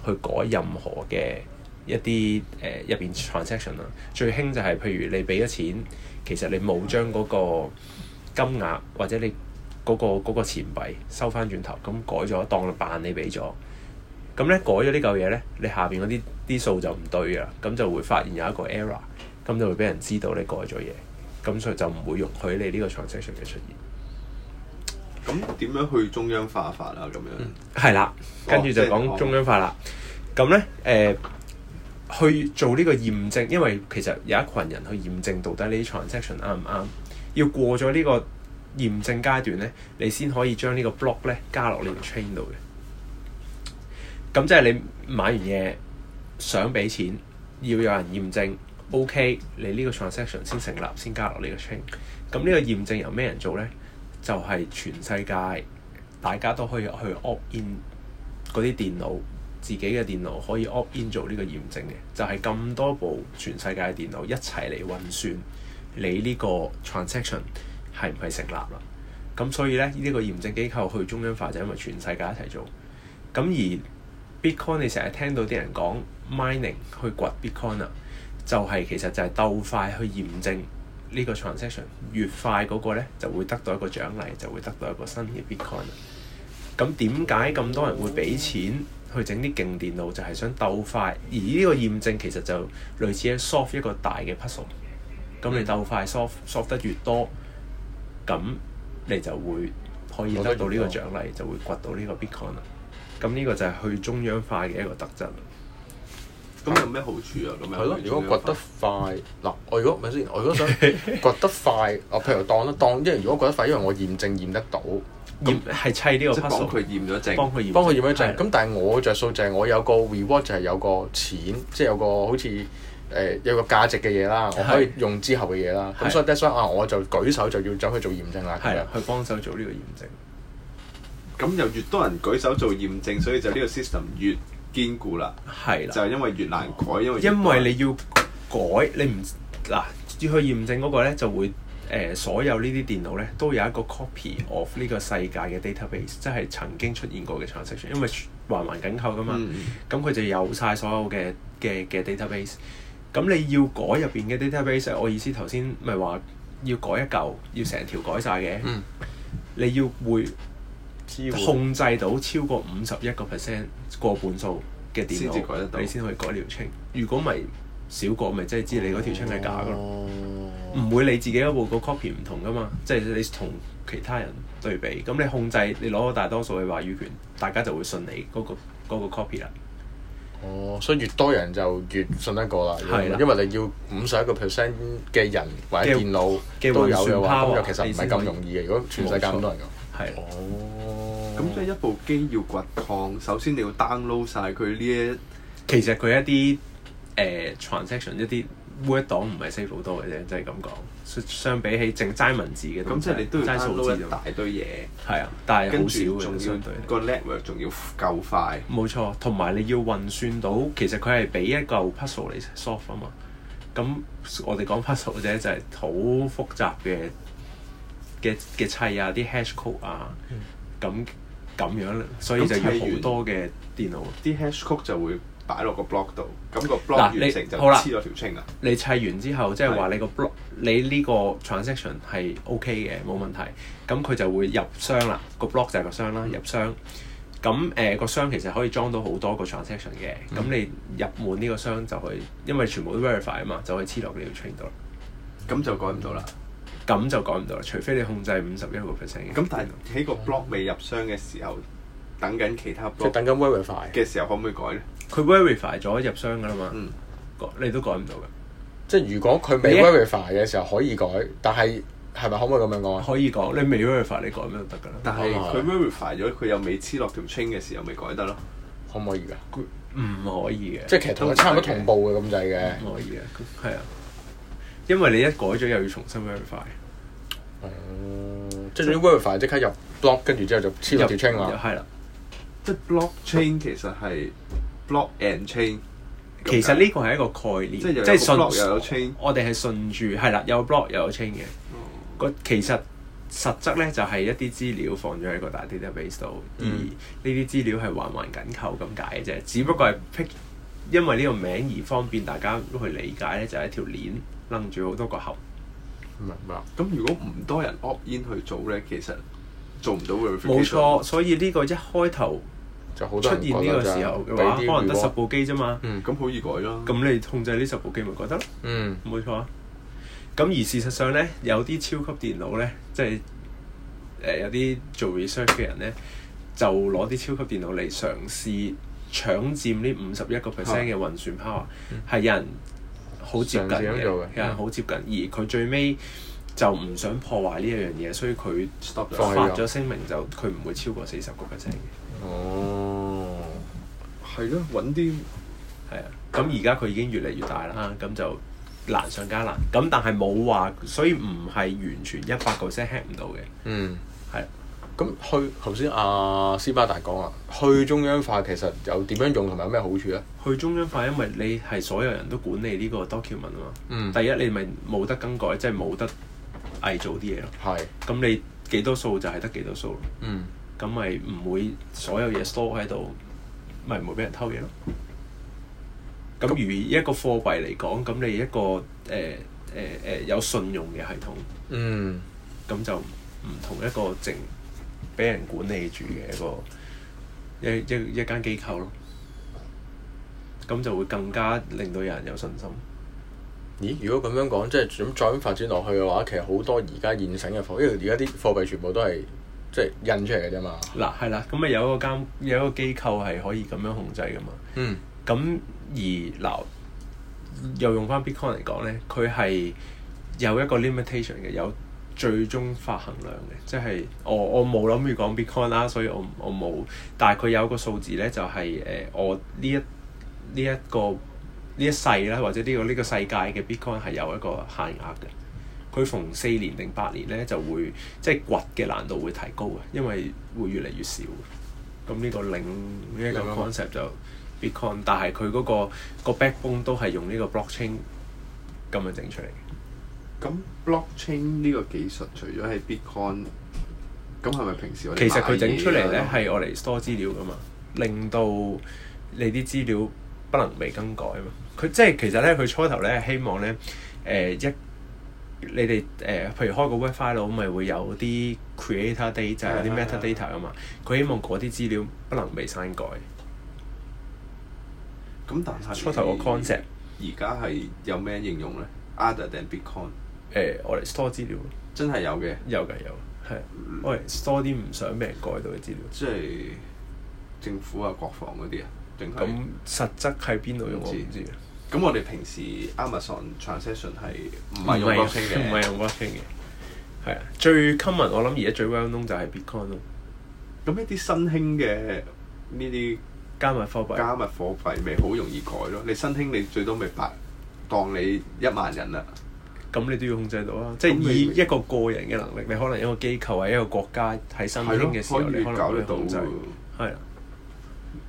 去改任何嘅一啲誒入邊 transaction 啦、就係。最輕就係譬如你俾咗錢，其實你冇將嗰個金額或者你嗰個嗰個錢幣收翻轉頭，咁改咗當辦你俾咗。咁咧改咗呢嚿嘢咧，你下邊嗰啲啲數就唔對啊！咁就會發現有一個 error。咁就會俾人知道你改咗嘢，咁所以就唔會容許你呢個 transaction 嘅出現。咁點樣去中央化法啊？咁樣係啦，嗯哦、跟住就講中央化啦。咁咧、哦，誒、呃嗯、去做呢個驗證，因為其實有一群人去驗證到底呢啲 transaction 啱唔啱。要過咗呢個驗證階段咧，你先可以將呢個 block 咧加落你條 chain 嘅。咁即係你買完嘢想俾錢，要有人驗證。O.K. 你呢個 transaction 先成立，先加落呢個 chain。咁呢個驗證由咩人做呢？就係全世界，大家都可以去 opt in 嗰啲電腦，自己嘅電腦可以 opt in 做呢個驗證嘅，就係咁多部全世界嘅電腦一齊嚟運算你呢個 transaction 係唔係成立啦？咁所以呢，呢個驗證機構去中央化就因為全世界一齊做。咁而 Bitcoin 你成日聽到啲人講 mining 去掘 Bitcoin 啊。就係、是、其實就係鬥快去驗證呢個 transaction，越快嗰個咧就會得到一個獎勵，就會得到一個新嘅 bitcoin。咁點解咁多人會俾錢去整啲勁電腦？就係、是、想鬥快。而呢個驗證其實就類似喺 solve 一個大嘅 puzzle。咁你鬥快 solve solve 得越多，咁你就會可以得到呢個獎勵，就會掘到呢個 bitcoin。咁呢個就係去中央化嘅一個特質。咁有咩好處啊？咁係咯，如果掘得快嗱，我如果咪先，我如果想掘得快，我譬如當一當，因為如果掘得快，因為我驗證驗得到，驗係砌呢個 puzzle，幫佢驗咗證，幫佢驗一證。咁但係我着數就係我有個 reward 就係有個錢，即係有個好似誒有個價值嘅嘢啦，我可以用之後嘅嘢啦。咁所以所以啊，我就舉手就要走去做驗證啦，係啊去幫手做呢個驗證。咁又越多人舉手做驗證，所以就呢個 system 越。堅固啦，係啦的，就係因為越難改，哦、因為因為你要改，你唔嗱要去驗證嗰個咧，就會誒、呃、所有呢啲電腦咧都有一個 copy of 呢個世界嘅 database，即係曾經出現過嘅 transaction，因為環環緊扣㗎嘛，咁佢、嗯、就有晒所有嘅嘅嘅 database。咁 dat 你要改入邊嘅 database，我意思頭先咪話要改一嚿，要成條改晒嘅，嗯、你要會，控制到超過五十一個 percent 過半數嘅電腦，改得到你先可以改條 chain。如果咪少過咪，即係知你嗰條 chain 係假㗎。唔、oh。會你自己嗰部個 copy 唔同㗎嘛。即、就、係、是、你同其他人對比，咁你控制你攞到大多數嘅話語權，大家就會信你嗰、那個那個 copy 啦。哦，oh，所以越多人就越信得過啦。係的，因為你要五十一個 percent 嘅人或者電腦都有嘅話，其實唔係咁容易嘅。如果全世界咁多人用，係。哦。咁即係一部機要掘礦，首先你要 download 晒佢呢一，其實佢一啲誒、呃、transaction 一啲 word 檔唔係 save 好多嘅啫，即係咁講。相比起淨齋文字嘅，咁、嗯、即你都要齋數字大堆嘢。係啊，但係好少仲相對。個 network 仲要夠快。冇錯，同埋你要運算到，其實佢係俾一嚿 puzzle 嚟 solve 啊嘛。咁我哋講 puzzle 就係、是、好複雜嘅嘅嘅砌啊，啲 hash code 啊，咁、嗯。咁樣，所以就要好多嘅電腦，啲完 hash code 就會擺落個 block 度啊。咁個 block 就黐咗條 chain 啦。你砌完之後，即係話你，block, 的你個 block，你呢個 transaction 係 OK 嘅，冇問題。咁佢就會入箱啦，個 block 就係個箱啦，入箱。咁誒個箱其實可以裝到好多個 transaction 嘅。咁、嗯、你入滿呢個箱就係，因為全部都 verify 啊嘛，就係黐落呢條 chain 度啦。咁、嗯、就改唔到啦。嗯咁就改唔到啦，除非你控制五十一個 percent 嘅。咁但係喺個 block 未入箱嘅時候，等緊其他 block，即等緊 verify 嘅時候，可唔可以改咧？佢 verify 咗入箱噶啦嘛，你都改唔到噶。即係如果佢未 verify 嘅時候可以改，你但係係咪可唔可以咁樣講？可以改，可以改，你未 verify 你改咩都得噶啦。但係佢 verify 咗，佢又未黐落條 chain 嘅時候，咪改得咯？可唔可以啊？唔可以嘅，即係其實都係差唔多同步嘅咁滯嘅。可以嘅。係啊，因為你一改咗又要重新 verify。哦，嗯嗯、即係啲 wallet 即刻入 block，跟住之後就黐入條 chain 啦。係啦，即係 block chain 其實係 block and chain。其實呢個係一個概念，即係順有 chain 我哋係順住係啦，有 block 又有 chain 嘅。嗰其實實質咧就係、是、一啲資料放咗喺個大 database 度，嗯、而呢啲資料係環環緊扣咁解嘅啫。只不過係 pick，因為呢個名而方便大家都去理解咧，就係、是、一條鏈掄住好多個盒。明白，咁如果唔多人 opt in 去做咧，其實做唔到佢。r 冇錯，所以呢個一開頭就好多出現呢個時候嘅話，可能得十部機啫嘛。咁好、嗯、易改啦。咁你控制呢十部機咪得咯？嗯，冇錯啊。咁而事實上咧，有啲超級電腦咧，即係誒有啲做 research 嘅人咧，就攞、是、啲、呃、超級電腦嚟嘗試搶佔呢五十一個 percent 嘅運算 power，係、嗯、有人。好接近係，啊，好接近，而佢最尾就唔想破壞呢一樣嘢，所以佢 stop 咗發咗聲明、嗯、就佢唔會超過四十個 percent 嘅。哦，係咯，揾啲係啊，咁而家佢已經越嚟越大啦，咁、嗯、就難上加難，咁但係冇話，所以唔係完全一百個 percent hit 唔到嘅。嗯，係。咁去頭先阿斯巴達講啊，去中央化其實有點樣用同埋有咩好處咧？去中央化，因為你係所有人都管理呢個 document 啊嘛。嗯。第一，你咪冇得更改，即係冇得偽造啲嘢咯。係是。咁你幾多數就係得幾多數咯。嗯。咁咪唔會所有嘢 store 喺度，咪唔會俾人偷嘢咯。咁如一個貨幣嚟講，咁你一個誒誒誒有信用嘅系統。嗯。咁就唔同一個證，俾人管理住嘅一個一一一間機構咯，咁就會更加令到有人有信心。咦？如果咁樣講，即係咁再咁發展落去嘅話，其實好多而家現成嘅貨，因為而家啲貨幣全部都係即係印出嚟嘅啫嘛。嗱，係啦，咁咪有一個監有一個機構係可以咁樣控制嘅嘛。嗯。咁而嗱，又用翻 Bitcoin 嚟講咧，佢係有一個 limitation 嘅有。最終發行量嘅，即係我我冇諗住講 Bitcoin 啦，所以我我冇。但係佢有個數字咧，就係、是、誒、呃、我呢一呢一個呢一世啦，或者呢、呢個呢、呢個世界嘅 Bitcoin 係有一個限額嘅。佢逢四年定八年咧就會即係掘嘅難度會提高嘅，因為會越嚟越少。咁呢個領呢一、呢個 concept 就 Bitcoin，但係佢嗰個、呢個 backbone 都係用呢個 blockchain 咁樣整出嚟。咁 blockchain 呢個技術除咗係 Bitcoin，咁係咪平時我其實佢整出嚟咧係用嚟 store 資料噶嘛，令到你啲資料不能被更改啊嘛。佢即係其實咧，佢初頭咧希望咧，誒、呃、一你哋誒、呃，譬如開個 web file 咪會有啲 creator data，就的有啲 metadata 啊嘛。佢希望嗰啲資料不能被刪改。咁、嗯、但係初頭個 concept 而家係有咩應用咧？Other than Bitcoin？誒，我哋 store 資料，真係有嘅，有㗎有，係、嗯、我哋 store 啲唔想俾人改到嘅資料，即係政府啊、國防嗰啲啊，咁實質喺邊度用？唔知，咁我哋平時 Amazon transaction 係唔係用 working 嘅？唔係用 working 嘅，係啊，最 common 我諗而家最 well known 就係 Bitcoin 咯。咁一啲新興嘅呢啲加密貨幣，加密貨幣咪好容易改咯？你新興你最多咪白當你一萬人啦。咁你都要控制到啊！即係以一個個人嘅能力，你可能一個機構或一個國家喺新興嘅時候，啊、可搞得到，你可能控制。係啊，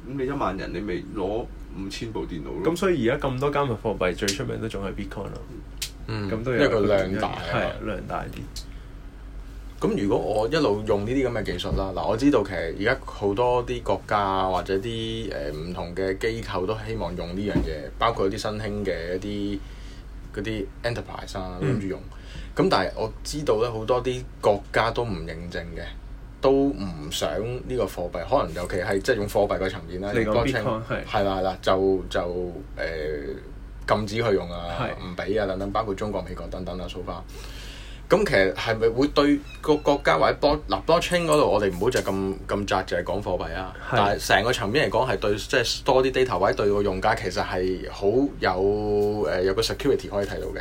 咁的你一萬人，你咪攞五千部電腦咯。咁、嗯、所以而家咁多加密貨幣，最出名都仲係 Bitcoin 啊！嗯，咁都一個,一個量大啊，量大啲。咁如果我一路用呢啲咁嘅技術啦，嗱，我知道其實而家好多啲國家或者啲誒唔同嘅機構都希望用呢樣嘢，包括啲新興嘅一啲。嗰啲 enterprise 啊，諗住用，咁、嗯、但係我知道咧，好多啲國家都唔認證嘅，都唔想呢個貨幣，可能尤其係即係用貨幣嗰層面啦，你講 bitcoin 係啦係啦，就就誒、呃、禁止佢用的啊，唔俾啊等等，包括中國美國等等啦，所以話咁其實係咪會對個國家或者 blockchain 嗰度，我哋唔好就咁咁窄，就係講貨幣啊。但係成個層面嚟講，係對即係多啲 data 或者對個用家其實係好有誒、呃、有個 security 可以睇到嘅，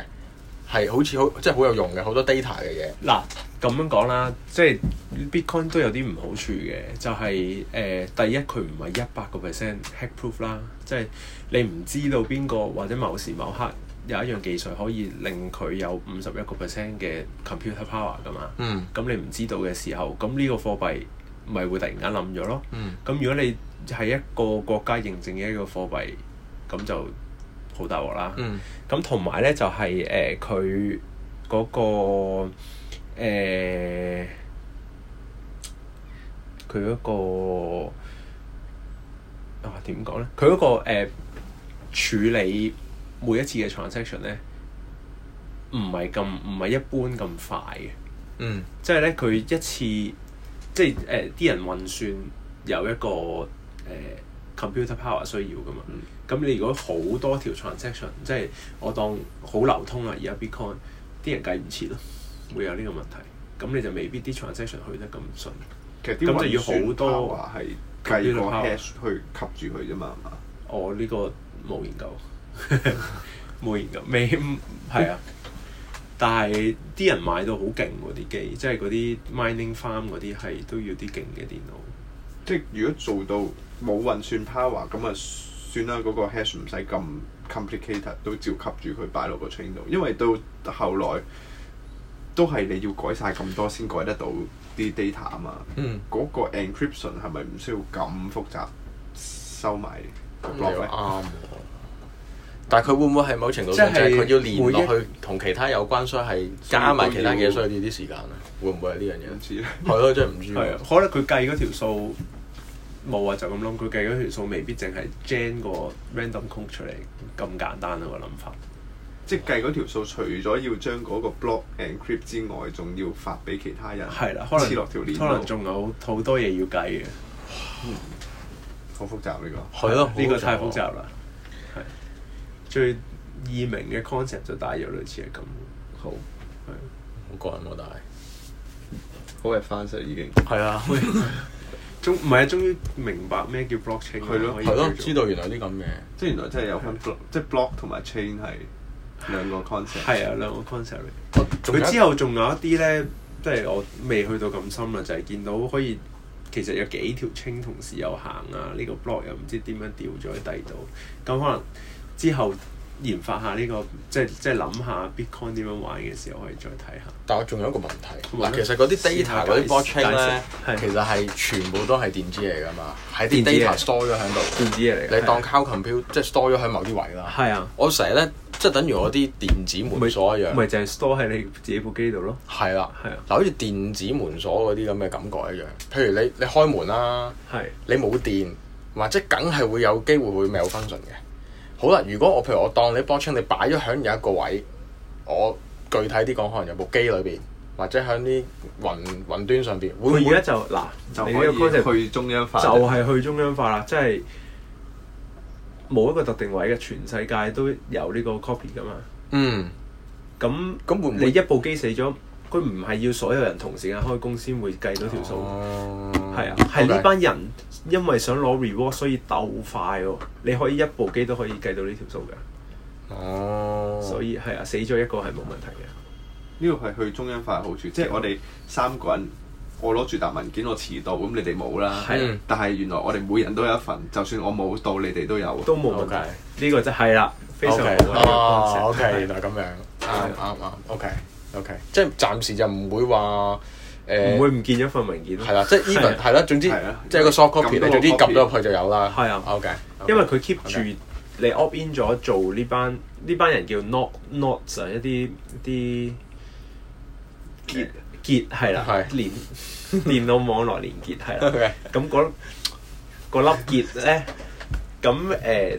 係好似好即係好有用嘅好多 data 嘅嘢。嗱，咁樣講啦，即係 bitcoin 都有啲唔好處嘅，就係、是、誒、呃、第一佢唔係一百個 percent hack proof 啦，即係你唔知道邊個或者某時某刻。有一樣技術可以令佢有五十一個 percent 嘅 computer power 噶嘛？咁、嗯、你唔知道嘅時候，咁呢個貨幣咪會突然間冧咗咯？咁、嗯嗯、如果你係一個國家認證嘅一個貨幣，咁就好大鑊啦。咁同埋咧就係誒佢嗰個佢嗰、呃嗰個、呃嗰個、啊點講咧？佢嗰、嗰個誒、呃、處理。每一次嘅 transaction 咧，唔係咁唔係一般咁快嘅。嗯。即係咧，佢一次即係誒啲人運算有一個誒 computer power 需要噶嘛。嗯。咁你如果好多條 transaction，即係我當好流通啦，而家 Bitcoin 啲人計唔切咯，會有呢個問題。咁你就未必啲 transaction 去得咁順順。其實就要好多都話係計個 hash 去吸住佢啫嘛，係嘛？我呢個冇研究。冇 研究，未，係、嗯、啊。但係啲人買到好勁喎，啲機，即係嗰啲 mining farm 嗰啲係都要啲勁嘅電腦。即係如果做到冇運算 power，咁啊算啦，嗰、嗰個 hash 唔使咁 complicated，都照吸住佢擺落個 chain 度。因為到後來都係你要改晒咁多先改得到啲 data 啊嘛。嗯。嗰個 encryption 係咪唔需要咁複雜收埋個 block 咧？啱、嗯。但係佢會唔會係某程度上，即係佢要連落去同其他有關，所以係加埋其他嘢，所以呢啲時間咧？會唔會係呢樣嘢？知，係咯、 哦，真係唔知啊、嗯。可能佢計嗰條數冇話就咁諗，佢計嗰條數未必淨係 gen 個 random o 數出嚟咁簡單啊，個諗法。即係計嗰條數，除咗要將嗰個 block encrypt 之外，仲要發俾其他人，黐落條鏈路，可能仲有好多嘢要計嘅。好、嗯、複雜呢、呢個係咯，呢個 太複雜啦。最易明嘅 concept 就大約類似係咁，好，係是。好個人咯，但係嗰日翻出嚟已經係啊！終唔係啊！終於明白咩叫 block chain 係、啊、咯，係咯了，知道原來呢啲咁嘅，即係原來真係有分 block，即係的 block 同埋 chain 係兩個 concept 係啊，兩個 concept。我佢 之後仲有一啲咧，即係我未去到咁深啦，就係、是、見到可以其實有幾條 chain 同時有行啊，呢、這個 block 又唔知點樣掉咗喺底度，咁可能。之後研發下呢個，即係即係諗下 Bitcoin 點樣玩嘅時候，可以再睇下。但係我仲有一個問題嗱，其實嗰啲 data 嗰啲 Blockchain 咧其實係全部都係電子嚟㗎嘛，喺啲 data store 咗喺度，電子嚟。你當 compute 即係 store 咗喺某啲位啦。係啊。我成日咧即係等於我啲電子門鎖一樣，咪淨係 store 喺你自己部機度咯。係啦，係啊。嗱，好似電子門鎖嗰啲咁嘅感覺一樣，譬如你你開門啦，係你冇電或者梗係會有機會會冇 function 嘅。好啦，如果我譬如我當你波槍，你擺咗喺有一個位，我具體啲講，可能有部機裏邊，或者喺啲雲雲端上邊，會唔會，會，會就嗱？就可以個去中央化，就係去中央化啦，即係冇一個特定位嘅，全世界都有呢個 copy 噶嘛。嗯。咁咁那會唔會你一部機死咗？佢唔係要所有人同時間開工先會計到條數，係啊，係呢班人因為想攞 reward，所以鬥快喎。你可以一部機都可以計到呢條數㗎。哦，所以係啊，死咗一個係冇問題嘅。呢個係去中央化嘅好處，即係我哋三個人，我攞住沓文件，我遲到咁，你哋冇啦。係，但係原來我哋每人都有一份，就算我冇到，你哋都有。都冇問題，呢個就係啦，非常好。O K，原來咁樣，啱啱啱，O K。O.K. 即係暫時就唔會話誒，唔會唔見咗份文件咯。係啦，即係 even 係啦，總之即係個 soft copy 你總之撳咗入去就有啦。係啊，O.K. 因為佢 keep 住你 opt in 咗做呢班呢班人叫 node nodes，一啲啲結結係啦，連電腦網絡連結係啦。咁嗰粒結咧，咁誒。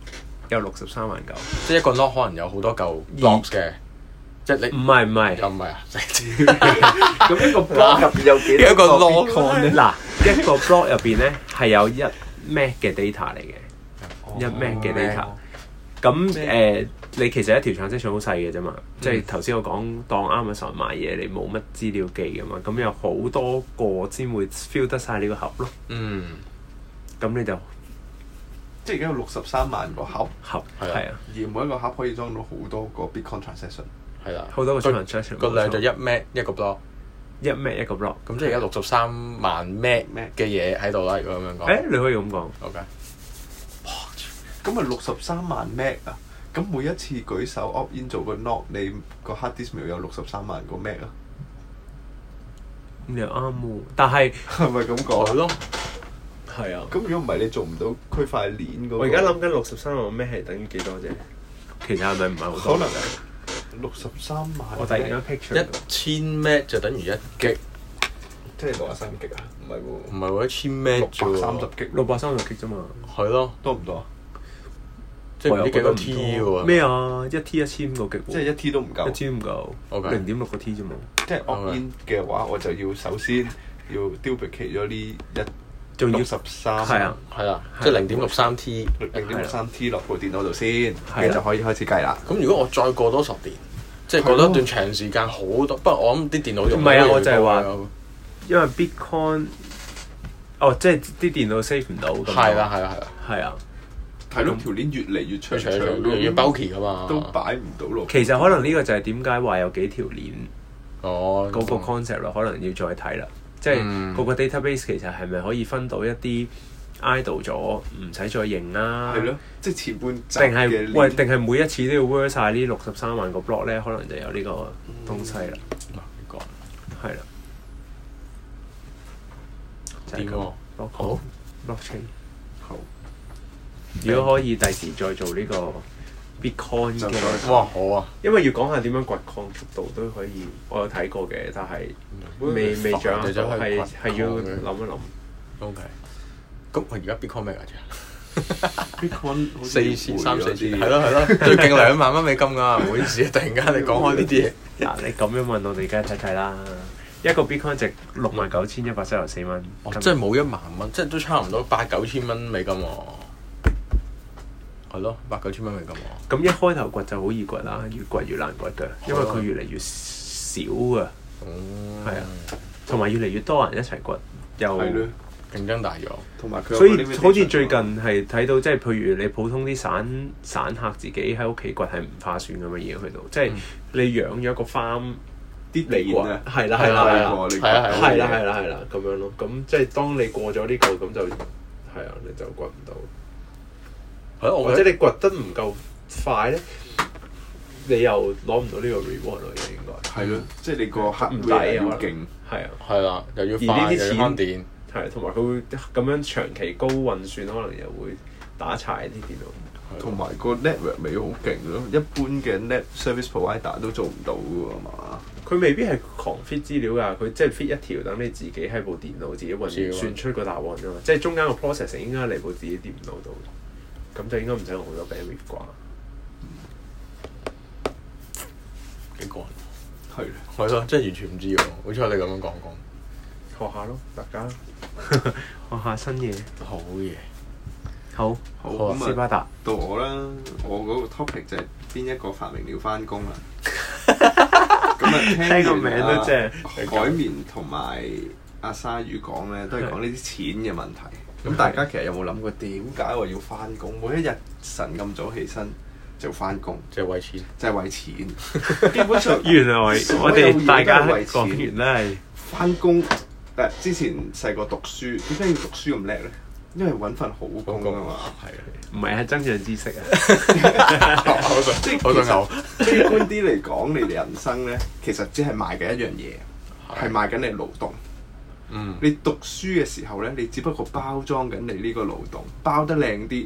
有六十三萬九，即係一個 lock 可能有好多嚿 lock 嘅，即係你唔係唔係，唔係啊！咁一個 block 入邊有幾多個 lock 嗱，一個 block 入邊咧係有一 meg 嘅 data 嚟嘅，一 meg 嘅 data。咁誒，你其實一條產品線好細嘅啫嘛，即係頭先我講當 Amazon 嘅時候買嘢，你冇乜資料寄㗎嘛，咁有好多個先會 fill 得晒呢個盒咯。嗯，咁你就。即係而家有六十三萬個盒盒，而每一個盒可以裝到好多個 Bitcoin transaction。係啦，好多個 Bitcoin transaction。個量就一 MB 一個 block，一 MB 一個 block。咁即係而家六十三萬 MB 嘅嘢喺度啦，如果咁樣講。誒，你可以咁講。OK。咁啊，六十三萬 MB 啊，咁每一次舉手 opt in 做個 log，你個 hard disk 度有六十三萬個 MB 啊。咁又啱喎，但係係咪咁講咯？係啊，咁如果唔係你做唔到區塊鏈嘅？我而家諗緊六十三萬咩係等於幾多啫？其實係咪唔係好多？可能係六十三萬。我突然間 picture。一千咩就等於一擊？即係六十三擊啊？唔係喎。唔係喎，一千咩？六百三十擊。六百三十擊啫嘛。係咯。多唔多啊？即係有幾多 T 喎？咩啊？一 T 一千五百擊。即係一 T 都唔夠。一千五夠。O K。零點六個 T 啫嘛。即係惡煙嘅話，我就要首先要 duplicate 咗呢一。仲要十三，係啊，係啊，即係零點六三 T，零點六三 T 落部電腦度先，咁就可以開始計啦。咁如果我再過多十年，即係過多一段長時間，好多，不過我諗啲電腦用唔係啊，我就係話，因為 Bitcoin，哦，即係啲電腦 save 唔到，係啦，係啦，係啦，係啊，睇到條鏈越嚟越長長，越嚟越 bulky 噶嘛，都擺唔到落。其實可能呢個就係點解話有幾條鏈，哦，嗰個 concept 咯，可能要再睇啦。即係、嗯、個個 database 其實係咪可以分到一啲 idle 咗，唔使再認啦、啊？係咯，即係前半。定係喂？定係每一次都要 work 晒呢六十三萬個 block 咧？可能就有呢個東西啦。唔該、嗯，係啦了。點？好。這個、好。如果可以，第白時再做呢、呢個。Bitcoin 嘅哇好啊，因為要講下點樣掘礦速度都可以，我有睇過嘅，但係未未掌握，係係要諗一諗。OK，咁我而家 Bitcoin 咩價？Bitcoin 四千三四千，係咯係咯，最近兩萬蚊美金㗎，唔好意思！突然間你講開呢啲嘢，嗱、 啊、你咁樣問我，我哋而家睇睇啦。一個 Bitcoin 值六萬九千一百七十四蚊。哦，真係冇一萬蚊，即係都差唔多八九千蚊美金喎。係咯，八九千蚊嚟㗎嘛。咁一開頭掘就好易掘啦，越掘越難掘㗎，因為佢越嚟越少啊。哦。啊，同埋越嚟越多人一齊掘，又競爭大咗。同埋佢。所以好似最近係睇到，即係譬如你普通啲散散客自己喺屋企掘係唔化算咁嘅嘢去到，即係你養咗個花啲未掘。係啦係啦係啦係啦係啦係啦，咁樣咯。咁即係當你過咗呢個，咁就係啊，你就掘唔到。啊、我或者你掘得唔夠快咧，你又攞唔到呢個 reward 咯，應該係咯，的即係你個黑網帶要勁，係啊的，係啦的，又要快而錢又要慳電，係同埋佢會咁樣長期高運算，可能又會打柴啲電腦。同埋的的個 network 未好勁咯，一般嘅 net service provider 都做唔到噶嘛。佢未必係狂 fit 資料㗎，佢即係 fit 一條，等你自己喺部電腦自己運算出個答案啫嘛。即係的中間個 process 應該嚟部自己電腦度。咁就應該唔使落咁多啤酒啩，幾、嗯、乾？係咯的，係咯，真係完全唔知喎！好彩你咁樣講講，學下咯，大家 學下新嘢，好嘢耶，好好。好學斯巴達。嗯、到我啦，我嗰個 topic 就係邊一個發明了翻工啊？咁、 嗯、啊，聽個名都正。嗯、海綿同埋阿沙魚講咧，都係講呢啲錢嘅問題。 咁大家其實有冇諗過點解我要翻工？每一日晨咁早起身就翻工，即係為錢。就為錢， 基本上。原來我哋大家為錢原咧係翻工。誒、呃，之前細個讀書，點解要讀書咁叻咧？因為揾份好工啊嘛。係工啊，唔係啊，係增長知識啊。好嘅，好嘅牛。悲觀啲嚟講，你哋人生咧，其實只係賣嘅一樣嘢，係 賣緊你勞動。嗯，你讀書嘅時候咧，你只不過包裝緊你呢個勞動，包得靚啲，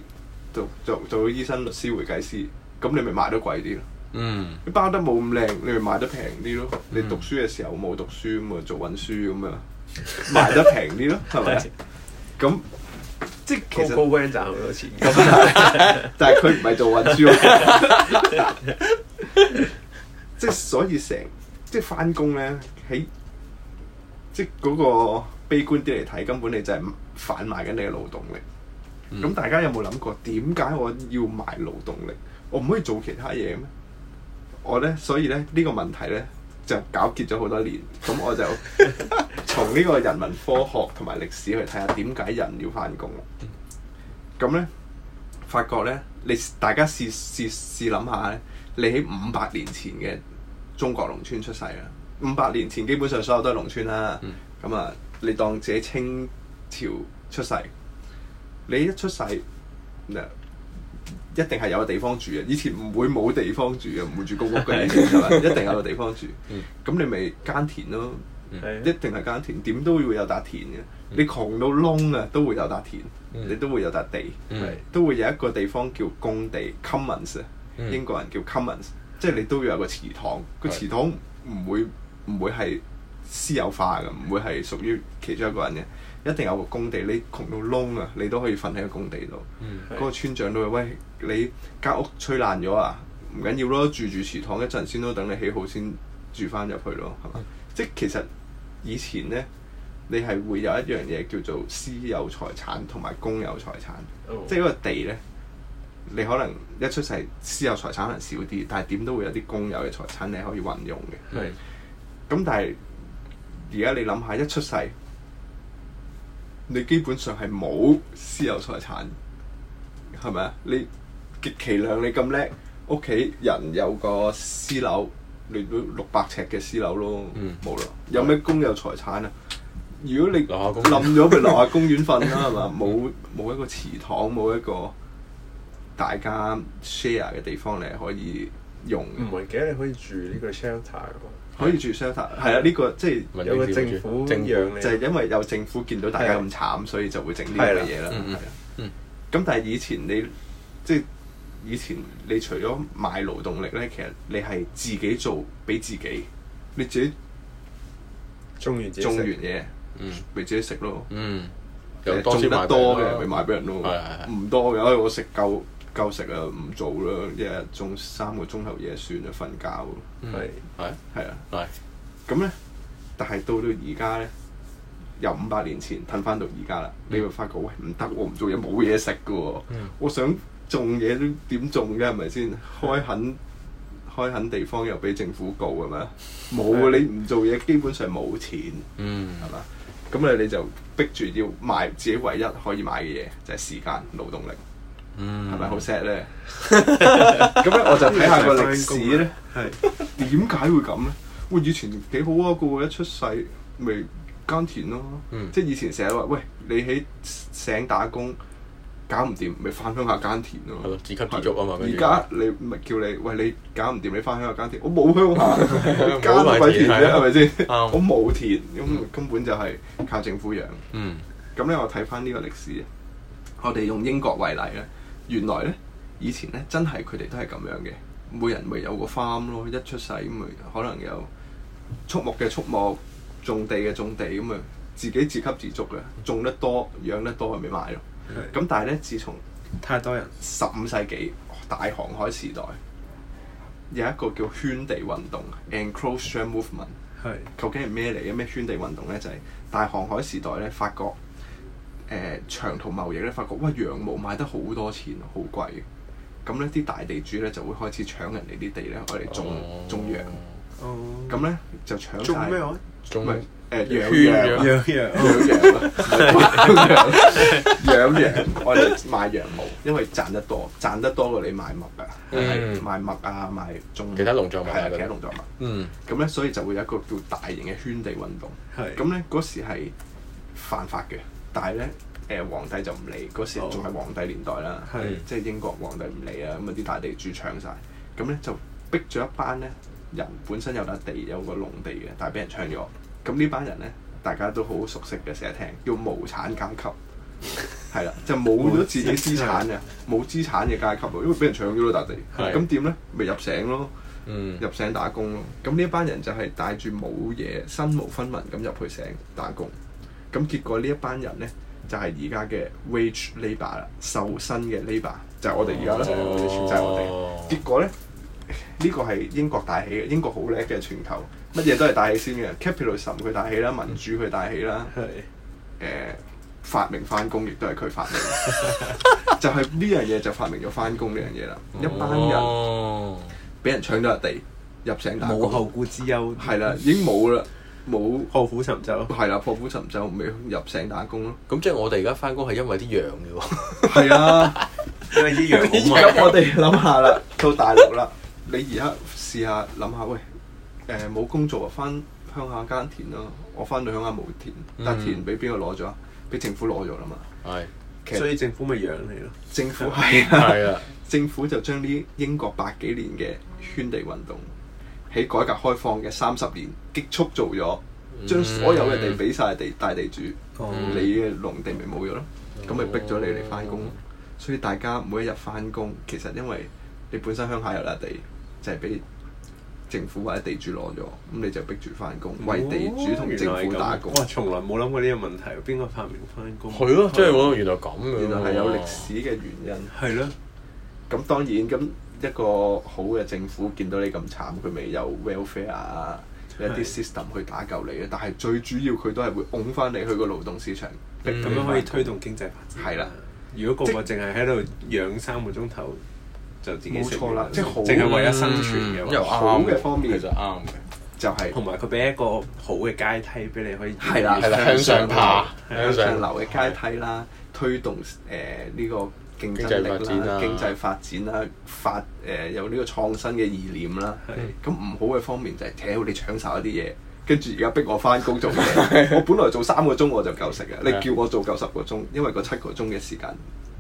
做做做醫生、律師、會計師，咁你咪賣得貴啲咯。嗯，你包得冇咁靚，你咪賣得平啲咯。你讀書嘅時候冇讀書咁啊，做運輸咁啊，賣得平啲咯，係咪啊？咁即係其實高官賺好多錢，但係佢唔係做運輸啊。即係所以成即係翻工咧，喺。即係嗰、那個悲觀啲嚟睇，根本就反埋你就係販賣緊你嘅勞動力。咁、嗯、大家有冇諗過點解我要賣勞動力？我唔可以做其他嘢咩？我呢，所以咧，呢、這個問題呢，就糾結咗好多年。咁我就 從呢個人文科學同埋歷史去睇下點解人要返工。咁呢，發覺呢，你大家試試試諗下呢，你喺五百年前嘅中國農村出世啦。五百年前基本上所有都係農村啦，咁啊你當自己清朝出世，你一出世，唔一定係有個地方住啊。以前唔會冇地方住啊，唔會住高屋嘅，係咪？一定有個地方住。咁你咪耕田咯，一定係耕田。點都會有笪田嘅。你窮到窿啊，都會有笪田，你都會有笪地，都會有一個地方叫公地 commons，英國人叫 commons，即係你都要有個祠堂。個祠堂唔會。唔會係私有化嘅，唔會係屬於其中一個人嘅。一定有一個工地，你窮到窿啊，你都可以瞓喺個工地度。嗰、嗯、個村長都話喂，你間屋吹爛咗啊，唔緊要咯，住住祠堂一陣先，都等你起好先住翻入去咯，係嘛？嗯、即係其實以前呢，你係會有一樣嘢叫做私有財產同埋公有財產，哦、即係嗰個地呢，你可能一出世私有財產可能少啲，但係點都會有啲公有嘅財產，你可以運用嘅。係。咁但係而家你諗下，一出世你基本上係冇私有財產，係咪啊？你極其量你咁叻，屋企人有個私樓，你都六百尺嘅私樓咯，冇啦、嗯。有咩公有財產啊？嗯、如果你冧咗，佢樓下公園瞓啦，係嘛？冇冇 一個祠堂，冇一個大家 share 嘅地方，你可以用。唔係、嗯嗯、記得你可以住呢個 shelter 可以住 shelter，係啊，呢個即係有個政府，就係因為有政府見到大家咁慘，所以就會整呢樣嘢啦。嗯嗯。咁但係以前你即係以前，你除咗賣勞動力咧，其實你係自己做俾自己，你自己種完種完嘢，嗯，咪自己食咯。嗯。又多得多嘅咪賣俾人咯，唔多嘅我食夠。夠食啊，唔做啦，一日中三個鐘頭嘢算啦，瞓覺咯。係係啊，咁咧，但係到到而家咧，由五百年前褪翻到而家啦，嗯、你會發覺喂唔得喎，唔做嘢冇嘢食噶喎，我，嗯、我想種嘢都點種嘅係咪先？開墾開墾地方又俾政府告嘅咩？冇嘅的，你唔做嘢基本上冇錢，係嘛、嗯？咁咧、嗯、你就逼住要買自己唯一可以買嘅嘢，就係、是、時間勞動力。嗯，係咪好 sad 咧？咁咧我就睇下個歷史咧，點解會咁咧？喂，以前幾好啊，個個一出世咪耕田咯，即係以前成日話：喂，你喺城打工搞唔掂，咪翻鄉下耕田咯。係咯，自給自足啊嘛。而家你咪叫你，喂，你搞唔掂，你翻鄉下耕田，我冇鄉下，我冇耕田嘅，係咪先？我冇田，咁根本就係靠政府養。嗯。咁咧，我睇翻呢個歷史，我哋用英國為例咧。原來咧，以前咧真係佢哋都係咁樣嘅，每人咪有個 farm 咯，一出世咁咪可能有畜牧嘅畜牧，種地嘅種地咁啊，樣自己自給自足嘅，種得多養得多咪賣咯。咁的但係咧，自從太多人，十五世紀大航海時代有一個叫圈地運動 enclosure movement，的究竟係咩嚟嘅？咩圈地運動咧就係、是、大航海時代咧，發覺。誒、呃、長途貿易咧，發覺哇羊毛賣得好多錢，好貴。咁咧啲大地主咧就會開始搶人哋啲地咧，我哋種、哦、種羊。哦、嗯。咁咧就搶。種咩話？種誒養、呃、羊，羊，養羊，羊，養羊，羊，養、啊、羊，羊。養 羊，羊，我哋賣羊毛，因為賺得多，賺得多過你賣麥啊！賣麥啊，賣種。其他農作物。係啊，其他農作物。嗯。咁咧，所以就會有一個叫大型嘅圈地運動。係。咁咧嗰時係犯法嘅。但係咧，誒皇帝就唔嚟，嗰時仲係皇帝年代啦，哦、即係英國皇帝唔嚟啦，咁啊啲大地主搶晒，咁咧就逼咗一班咧人，本身有笪地有個農地嘅，但係俾人搶咗，咁呢班人咧大家都好熟悉嘅，成日聽叫無產階級，係啦是，就冇咗自己資產嘅，冇資產嘅階級咯，因為俾人搶咗咯笪地，咁點咧？咪入城咯，嗯、入城打工咯，咁呢班人就係帶住冇嘢，身無分文咁入去城打工。咁結果呢一班人咧，就係而家嘅 wage labour 啦，受薪嘅 labour，就係我哋而家啦，就係我哋，結果咧，呢個係英國大起嘅，英國好叻嘅全球，乜嘢都係大起先嘅 capitalism 佢大起啦，民主佢大起啦，係誒發明返工亦都係佢發明，就係呢樣嘢就發明咗返工呢樣嘢啦，一班人俾人搶咗入地入城打工，冇後顧之憂，係啦，已經冇啦。冇沒破釜沉舟，係啦，破釜沉舟，咪入城打工咯。咁即係我哋而家翻工係因為啲羊嘅喎。係 啊，因為啲羊。 我哋諗下啦，到大陸啦，你而家試下諗下，喂，誒、呃、冇工做啊，翻鄉下耕田咯。我翻鄉下冇田，嗯、但田俾邊個攞咗？俾政府攞咗啦嘛。係是，實所以政府咪養你咯。政府係啊，啊 政府就將呢英國百幾年嘅圈地運動。喺改革開放嘅三十年，急速做咗，將所有嘅地俾晒地大地主，嗯、你嘅農地咪冇咗咯？咁咪逼咗你嚟翻工咯。所以大家每一日翻工，其實因為你本身鄉下有笪地，就係、是、俾政府或者地主攞咗，咁你就逼住翻工，為地主同政府打工。哇！從來冇諗過呢個問題，邊個發明翻工？係咯、嗯，即係喎，天原來咁嘅、啊，原來係有歷史嘅原因。係咯了，咁當然咁。一個好嘅政府見到你咁慘，佢咪有 welfare 啊，一啲 system 去打救你啊。但係最主要佢都係會拱返你去個勞動市場，咁樣可以推動經濟發展。係啦，如果個個淨係喺度養三個鐘頭，就自己冇錯啦，即係淨係為咗生存嘅話，好嘅方面其實啱嘅，就係同埋佢俾一個好嘅階梯俾你可以係啦係啦向上爬向上流嘅階梯啦，推動誒呢個。經濟發展啦，經濟發展啦，發誒、呃、有呢個創新嘅意念啦。咁唔、嗯、好嘅方面就係、是，睇好你搶曬一啲嘢，跟住而家逼我返工做嘢。 我本來做三個鐘我就夠食嘅，的你叫我做夠十個鐘，因為個七個鐘嘅時,時間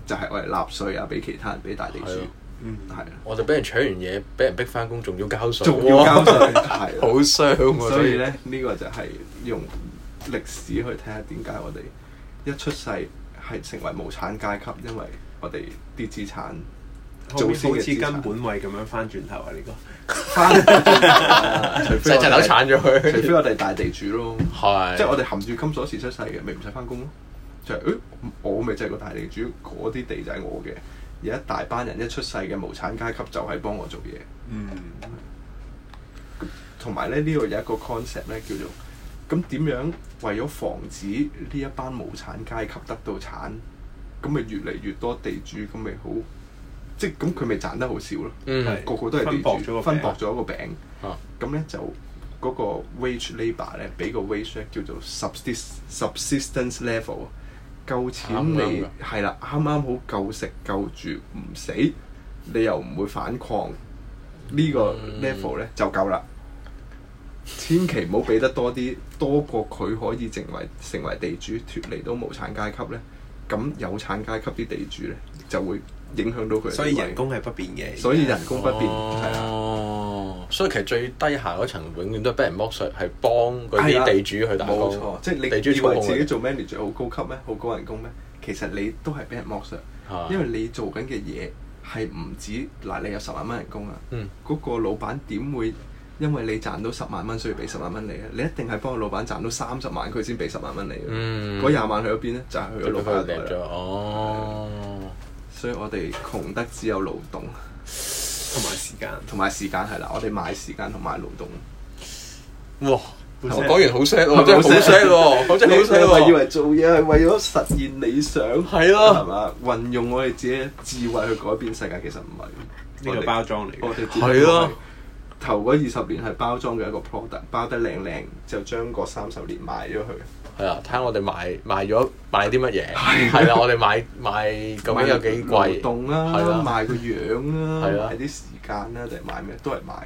就係我嚟納稅啊，俾其他人，俾大地主。的嗯，的我就俾人搶完嘢，俾人逼返工，仲要交稅、哦，仲 要交稅，係 好傷的。所以咧，呢 個就係用歷史去睇下點解我哋一出世係成為無產階級，因為。我哋啲資產好似金本位咁樣翻轉頭啊！呢、呢個，除非層樓鏟咗佢，除非我哋 大地主咯，係， 即係我哋含住金鎖匙出世嘅，咪唔使翻工咯。就係、誒，我咪就係個大地主，嗰啲地就係我嘅。而一大班人一出世嘅無產階級就係幫我做嘢。嗯，同埋咧，呢度有一個 concept 咧，叫做咁點樣為咗防止呢一班無產階級得到產。咁咪越嚟越多地主，咁咪好，即係咁佢咪賺得好少咯。嗯，個，個個都係地主，分薄咗個餅。啊，咁咧、啊、就嗰個 wage labour 咧，俾個 wage 咧叫做 subsistence level，夠錢你，係啦，啱啱好夠食夠住唔死，你又唔會反抗呢、呢個 level 咧，嗯、就夠啦。千祈唔好俾得多啲， 多過佢可以成為成為地主，脫離到無產階級咧。咁有產階級啲地主咧，就會影響到佢。所以人工係不變嘅。所以人工不變係啊，Yes. 哦，的所以其實最低下嗰層永遠都係俾人剝削，係幫嗰啲地主去打工。冇錯錯，地主即係你以為自己做 manager 好高級咩？好高人工咩？其實你都係俾人剝削，因為你做緊嘅嘢係唔止嗱，你有十萬蚊人工啊。嗯。嗰個老闆點會？因為你賺到十萬蚊，所以俾十萬蚊你嘅，你一定係幫個老闆賺到三十萬，佢先俾十萬蚊你。嗰廿萬去咗邊呢？就係去咗老闆度。哦，所以我哋窮得只有勞動同埋時間，同埋時間係啦，我哋買時間同埋勞動。哇！講完好 sad 喎，真好 sad 喎，真係好 sad 喎。你係咪以為做嘢係為咗實現理想？係咯，係嘛？運用我哋自己智慧去改變世界，其實唔係呢個包裝嚟嘅。係咯。頭嗰二十年係包裝嘅一個 product，包得靚靚，就將個三十年賣咗佢。係啊，睇下我哋賣賣咗賣啲乜嘢。係啊， 我哋買買究竟有幾貴？買活動啊，賣的個樣啊，賣啲的時間啊，定賣咩都係賣。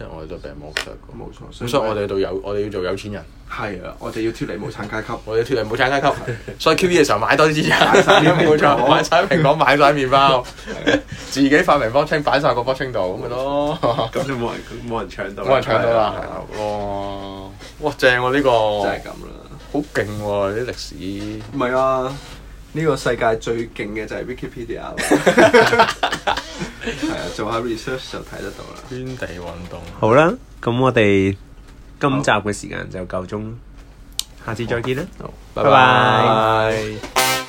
即係我哋做病人冇冇錯。咁所以我哋度有，我哋要做有錢人。係啊，我哋要脫離無產階級，我哋脫離無產階級。所以，Q B 嘅時候買多啲資產。冇錯，買曬蘋果，買晒麵包，自己發明方青，擺晒個方青度咁，咪咯。咁就冇人，冇人搶到，冇人搶到啦。係啊，哇！哇！正喎呢個。真係咁啦。好勁喎！呢啲歷史。唔係啊。呢個世界最勁嘅就係 Wikipedia，係啊， 做下 research、e、就睇得到啦。圈地運動好啦，咁我哋今集嘅時間就夠鐘，好下次再見啦，好 bye bye 拜拜。